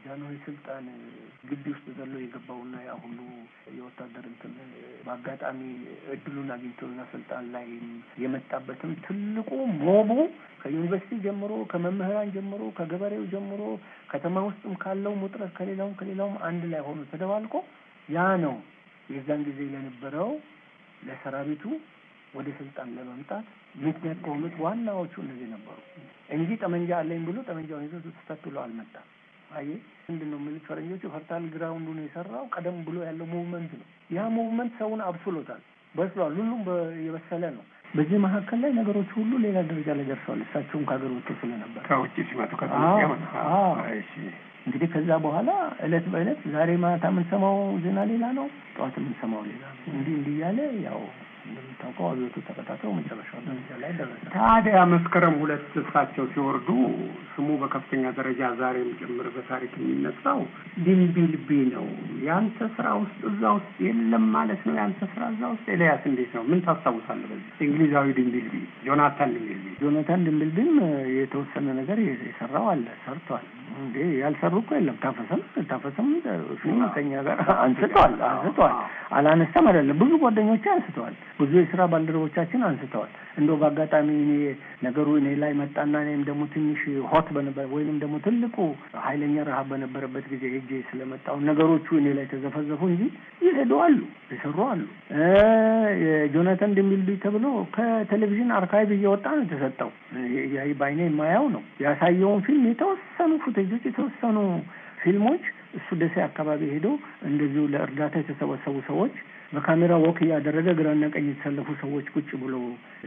ጃንሆይ ስልጣን ግቢ ውስጥ ዘሎ የገባውና ያ ሁሉ የወታደር እንትን በአጋጣሚ እድሉን አግኝቶና ስልጣን ላይ የመጣበትም ትልቁ ሞቡ ከዩኒቨርሲቲ ጀምሮ ከመምህራን ጀምሮ ከገበሬው ጀምሮ ከተማ ውስጥም ካለውም ውጥረት ከሌላውም ከሌላውም አንድ ላይ ሆኖ ተደባልቆ ያ ነው የዛን ጊዜ ለነበረው ለሰራዊቱ ወደ ስልጣን ለመምጣት ምክንያት ከሆኑት ዋናዎቹ እነዚህ ነበሩ። እንጂ ጠመንጃ አለኝ ብሎ ጠመንጃውን ይዞ ተተክሎ አልመጣም። አየ ምንድን ነው የሚሉት ፈረንጆቹ ፈርታል ግራውንዱ ነው የሰራው። ቀደም ብሎ ያለው ሙቭመንት ነው። ያ ሙቭመንት ሰውን አብስሎታል፣ በስሏል። ሁሉም የበሰለ ነው። በዚህ መካከል ላይ ነገሮች ሁሉ ሌላ ደረጃ ላይ ደርሰዋል። እሳቸውም ከሀገር ወጥቶ ስለነበር ከውጭ ሲመጡ እንግዲህ ከዛ በኋላ እለት በእለት ዛሬ ማታ የምንሰማው ዜና ሌላ ነው፣ ጠዋት የምንሰማው ሌላ ነው። እንዲህ እንዲህ እያለ ያው እንደምታውቀው አብዮቱ ተቀጣጥለው መጨረሻው ደረጃ ላይ ደረሰ። ታዲያ መስከረም ሁለት እሳቸው ሲወርዱ ስሙ በከፍተኛ ደረጃ ዛሬም ጭምር በታሪክ የሚነሳው ዲምቢልቢ ነው። ያንተ ስራ ውስጥ እዛ ውስጥ የለም ማለት ነው። ያንተ ስራ እዛ ውስጥ ኤልያስ፣ እንዴት ነው ምን ታስታውሳለህ? በዚህ እንግሊዛዊ ዲምቢልቢ ጆናታን ዲምቢልቢ ጆናታን ዲምቢልቢም የተወሰነ ነገር የሰራው አለ ሰርቷል። እንዴ ያልሰሩ እኮ የለም። ታፈሰም ታፈሰም እሱ ከኛ ጋር አንስተዋል አንስተዋል አላነስተም አይደለም ብዙ ጓደኞች አንስተዋል። ብዙ የስራ ባልደረቦቻችን አንስተዋል። እንደ በአጋጣሚ እኔ ነገሩ እኔ ላይ መጣና እኔም ደግሞ ትንሽ ሆት በነበረ ወይንም ደግሞ ትልቁ ኃይለኛ ረሀብ በነበረበት ጊዜ ሄጄ ስለመጣው ነገሮቹ እኔ ላይ ተዘፈዘፉ እንጂ ይሄዱ አሉ፣ የሰሩ አሉ። ጆናታን ድሚልቢ ተብሎ ከቴሌቪዥን አርካይቭ እየወጣ ነው የተሰጠው። በአይኔ የማያው ነው ያሳየውን ፊልም የተወሰኑ ፉቴጆች የተወሰኑ ፊልሞች እሱ ደሴ አካባቢ ሄዶ እንደዚሁ ለእርዳታ የተሰበሰቡ ሰዎች በካሜራ ወክ እያደረገ ግራና ቀኝ የተሰለፉ ሰዎች ቁጭ ብሎ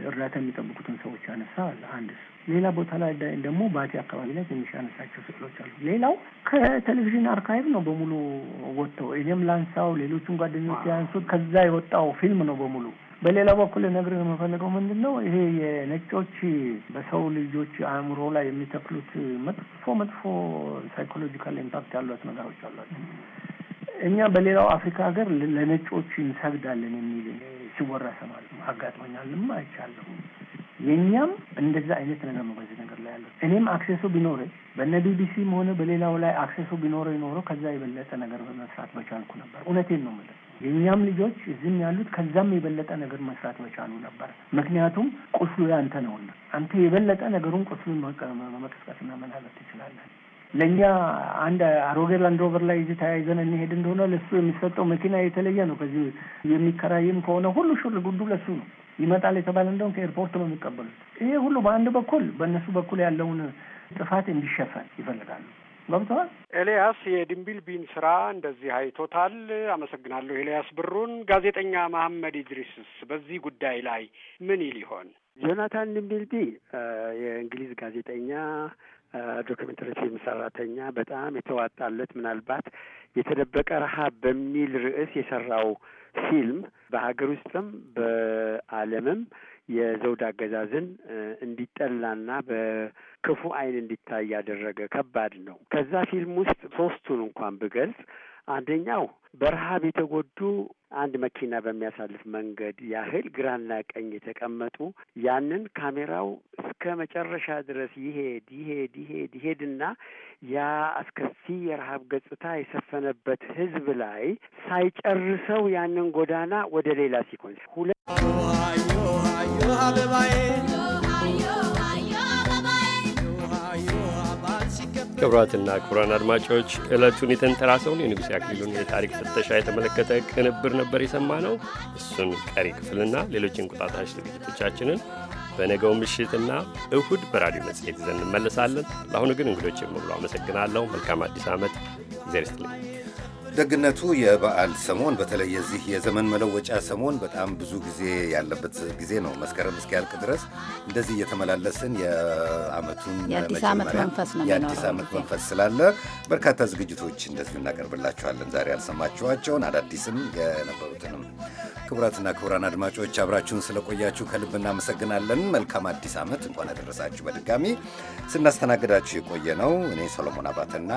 እርዳታ የሚጠብቁትን ሰዎች ያነሳ አለ አንድ እሱ። ሌላ ቦታ ላይ ደግሞ ባቲ አካባቢ ላይ ትንሽ ያነሳቸው ስዕሎች አሉ። ሌላው ከቴሌቪዥን አርካይቭ ነው በሙሉ ወጥተው እኔም ላንሳው፣ ሌሎቹም ጓደኞች ያንሱት። ከዛ የወጣው ፊልም ነው በሙሉ በሌላ በኩል ነግር የምፈልገው ምንድን ነው ይሄ የነጮች በሰው ልጆች አእምሮ ላይ የሚተክሉት መጥፎ መጥፎ ሳይኮሎጂካል ኢምፓክት ያሏት ነገሮች አሏቸው። እኛ በሌላው አፍሪካ ሀገር ለነጮቹ እንሰግዳለን የሚል ሲወራ ሰማል አጋጥሞኛልም አይቻለሁ። የእኛም እንደዛ አይነት ነገር ነው በዚህ ነገር ላይ ያለው። እኔም አክሴሶ ቢኖረ በነ ቢቢሲም ሆነ በሌላው ላይ አክሴሶ ቢኖረ ኖሮ ከዛ የበለጠ ነገር መስራት በቻልኩ ነበር። እውነቴን ነው የምልህ። የእኛም ልጆች እዚህም ያሉት ከዛም የበለጠ ነገር መስራት በቻሉ ነበር። ምክንያቱም ቁስሉ ያንተ ነውና አንተ የበለጠ ነገሩን ቁስሉን መቀስቀስና መናገር ትችላለን። ለእኛ አንድ አሮጌ ላንድ ሮቨር ላይ እዚህ ተያይዘን እንሄድ እንደሆነ ለሱ የሚሰጠው መኪና የተለየ ነው። ከዚህ የሚከራይም ከሆነ ሁሉ ሹር ጉዱ ለሱ ነው። ይመጣል የተባለ እንደውም ከኤርፖርት ነው የሚቀበሉት። ይሄ ሁሉ በአንድ በኩል በእነሱ በኩል ያለውን ጥፋት እንዲሸፈን ይፈልጋሉ። ገብተዋል። ኤልያስ ቢን ስራ እንደዚህ አይቶታል። አመሰግናለሁ ኤልያስ ብሩን። ጋዜጠኛ መሐመድ ኢድሪስስ በዚህ ጉዳይ ላይ ምን ይል ይሆን? ጆናታን ድንቢልቢ የእንግሊዝ ጋዜጠኛ ዶክመንተሪ ፊልም ሰራተኛ በጣም የተዋጣለት ምናልባት የተደበቀ ረሀብ በሚል ርዕስ የሰራው ፊልም በሀገር ውስጥም በዓለምም የዘውድ አገዛዝን እንዲጠላና በክፉ ዓይን እንዲታይ ያደረገ ከባድ ነው። ከዛ ፊልም ውስጥ ሶስቱን እንኳን ብገልጽ አንደኛው በረሀብ የተጎዱ አንድ መኪና በሚያሳልፍ መንገድ ያህል ግራና ቀኝ የተቀመጡ ያንን ካሜራው እስከ መጨረሻ ድረስ ይሄድ ይሄድ ይሄድ ይሄድና ያ አስከፊ የረሀብ ገጽታ የሰፈነበት ህዝብ ላይ ሳይጨርሰው ያንን ጎዳና ወደ ሌላ ሲኮንስ ሁለት ክቡራትና ክቡራን አድማጮች ዕለቱን የተንተራሰውን የንጉሥ አክሊሉን የታሪክ ፍተሻ የተመለከተ ቅንብር ነበር የሰማ ነው። እሱን ቀሪ ክፍልና ሌሎች እንቁጣጣሽ ዝግጅቶቻችንን በነገው ምሽትና እሁድ በራዲዮ መጽሔት ይዘን እንመለሳለን። ለአሁኑ ግን እንግዶች የምብሎ አመሰግናለሁ። መልካም አዲስ ዓመት። እግዜር ደግነቱ የበዓል ሰሞን በተለይ የዚህ የዘመን መለወጫ ሰሞን በጣም ብዙ ጊዜ ያለበት ጊዜ ነው። መስከረም እስኪያልቅ ድረስ እንደዚህ እየተመላለስን የአመቱን የአዲስ ዓመት መንፈስ ስላለ በርካታ ዝግጅቶች እንደዚህ እናቀርብላችኋለን። ዛሬ ያልሰማችኋቸውን አዳዲስም የነበሩትንም። ክቡራትና ክቡራን አድማጮች አብራችሁን ስለቆያችሁ ከልብ እናመሰግናለን። መልካም አዲስ ዓመት እንኳን አደረሳችሁ። በድጋሚ ስናስተናግዳችሁ የቆየ ነው እኔ ሰሎሞን አባተና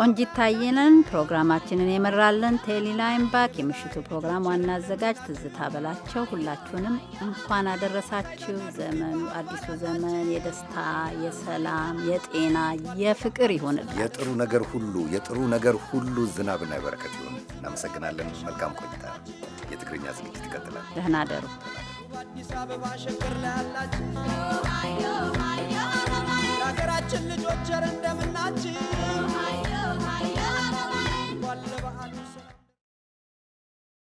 ቆንጂት ታየነን ፕሮግራማችንን የመራለን ቴሊ ላይምባክ፣ የምሽቱ ፕሮግራም ዋና አዘጋጅ ትዝታ በላቸው። ሁላችሁንም እንኳን አደረሳችሁ። ዘመኑ አዲሱ ዘመን የደስታ የሰላም፣ የጤና፣ የፍቅር ይሆንልን። የጥሩ ነገር ሁሉ የጥሩ ነገር ሁሉ ዝናብና የበረከት ይሁን። እናመሰግናለን። መልካም ቆይታ። የትግርኛ ዝግጅት ይቀጥላል። ደህና ደሩ። አዲስ ልጆች እንደምናችሁ Bye.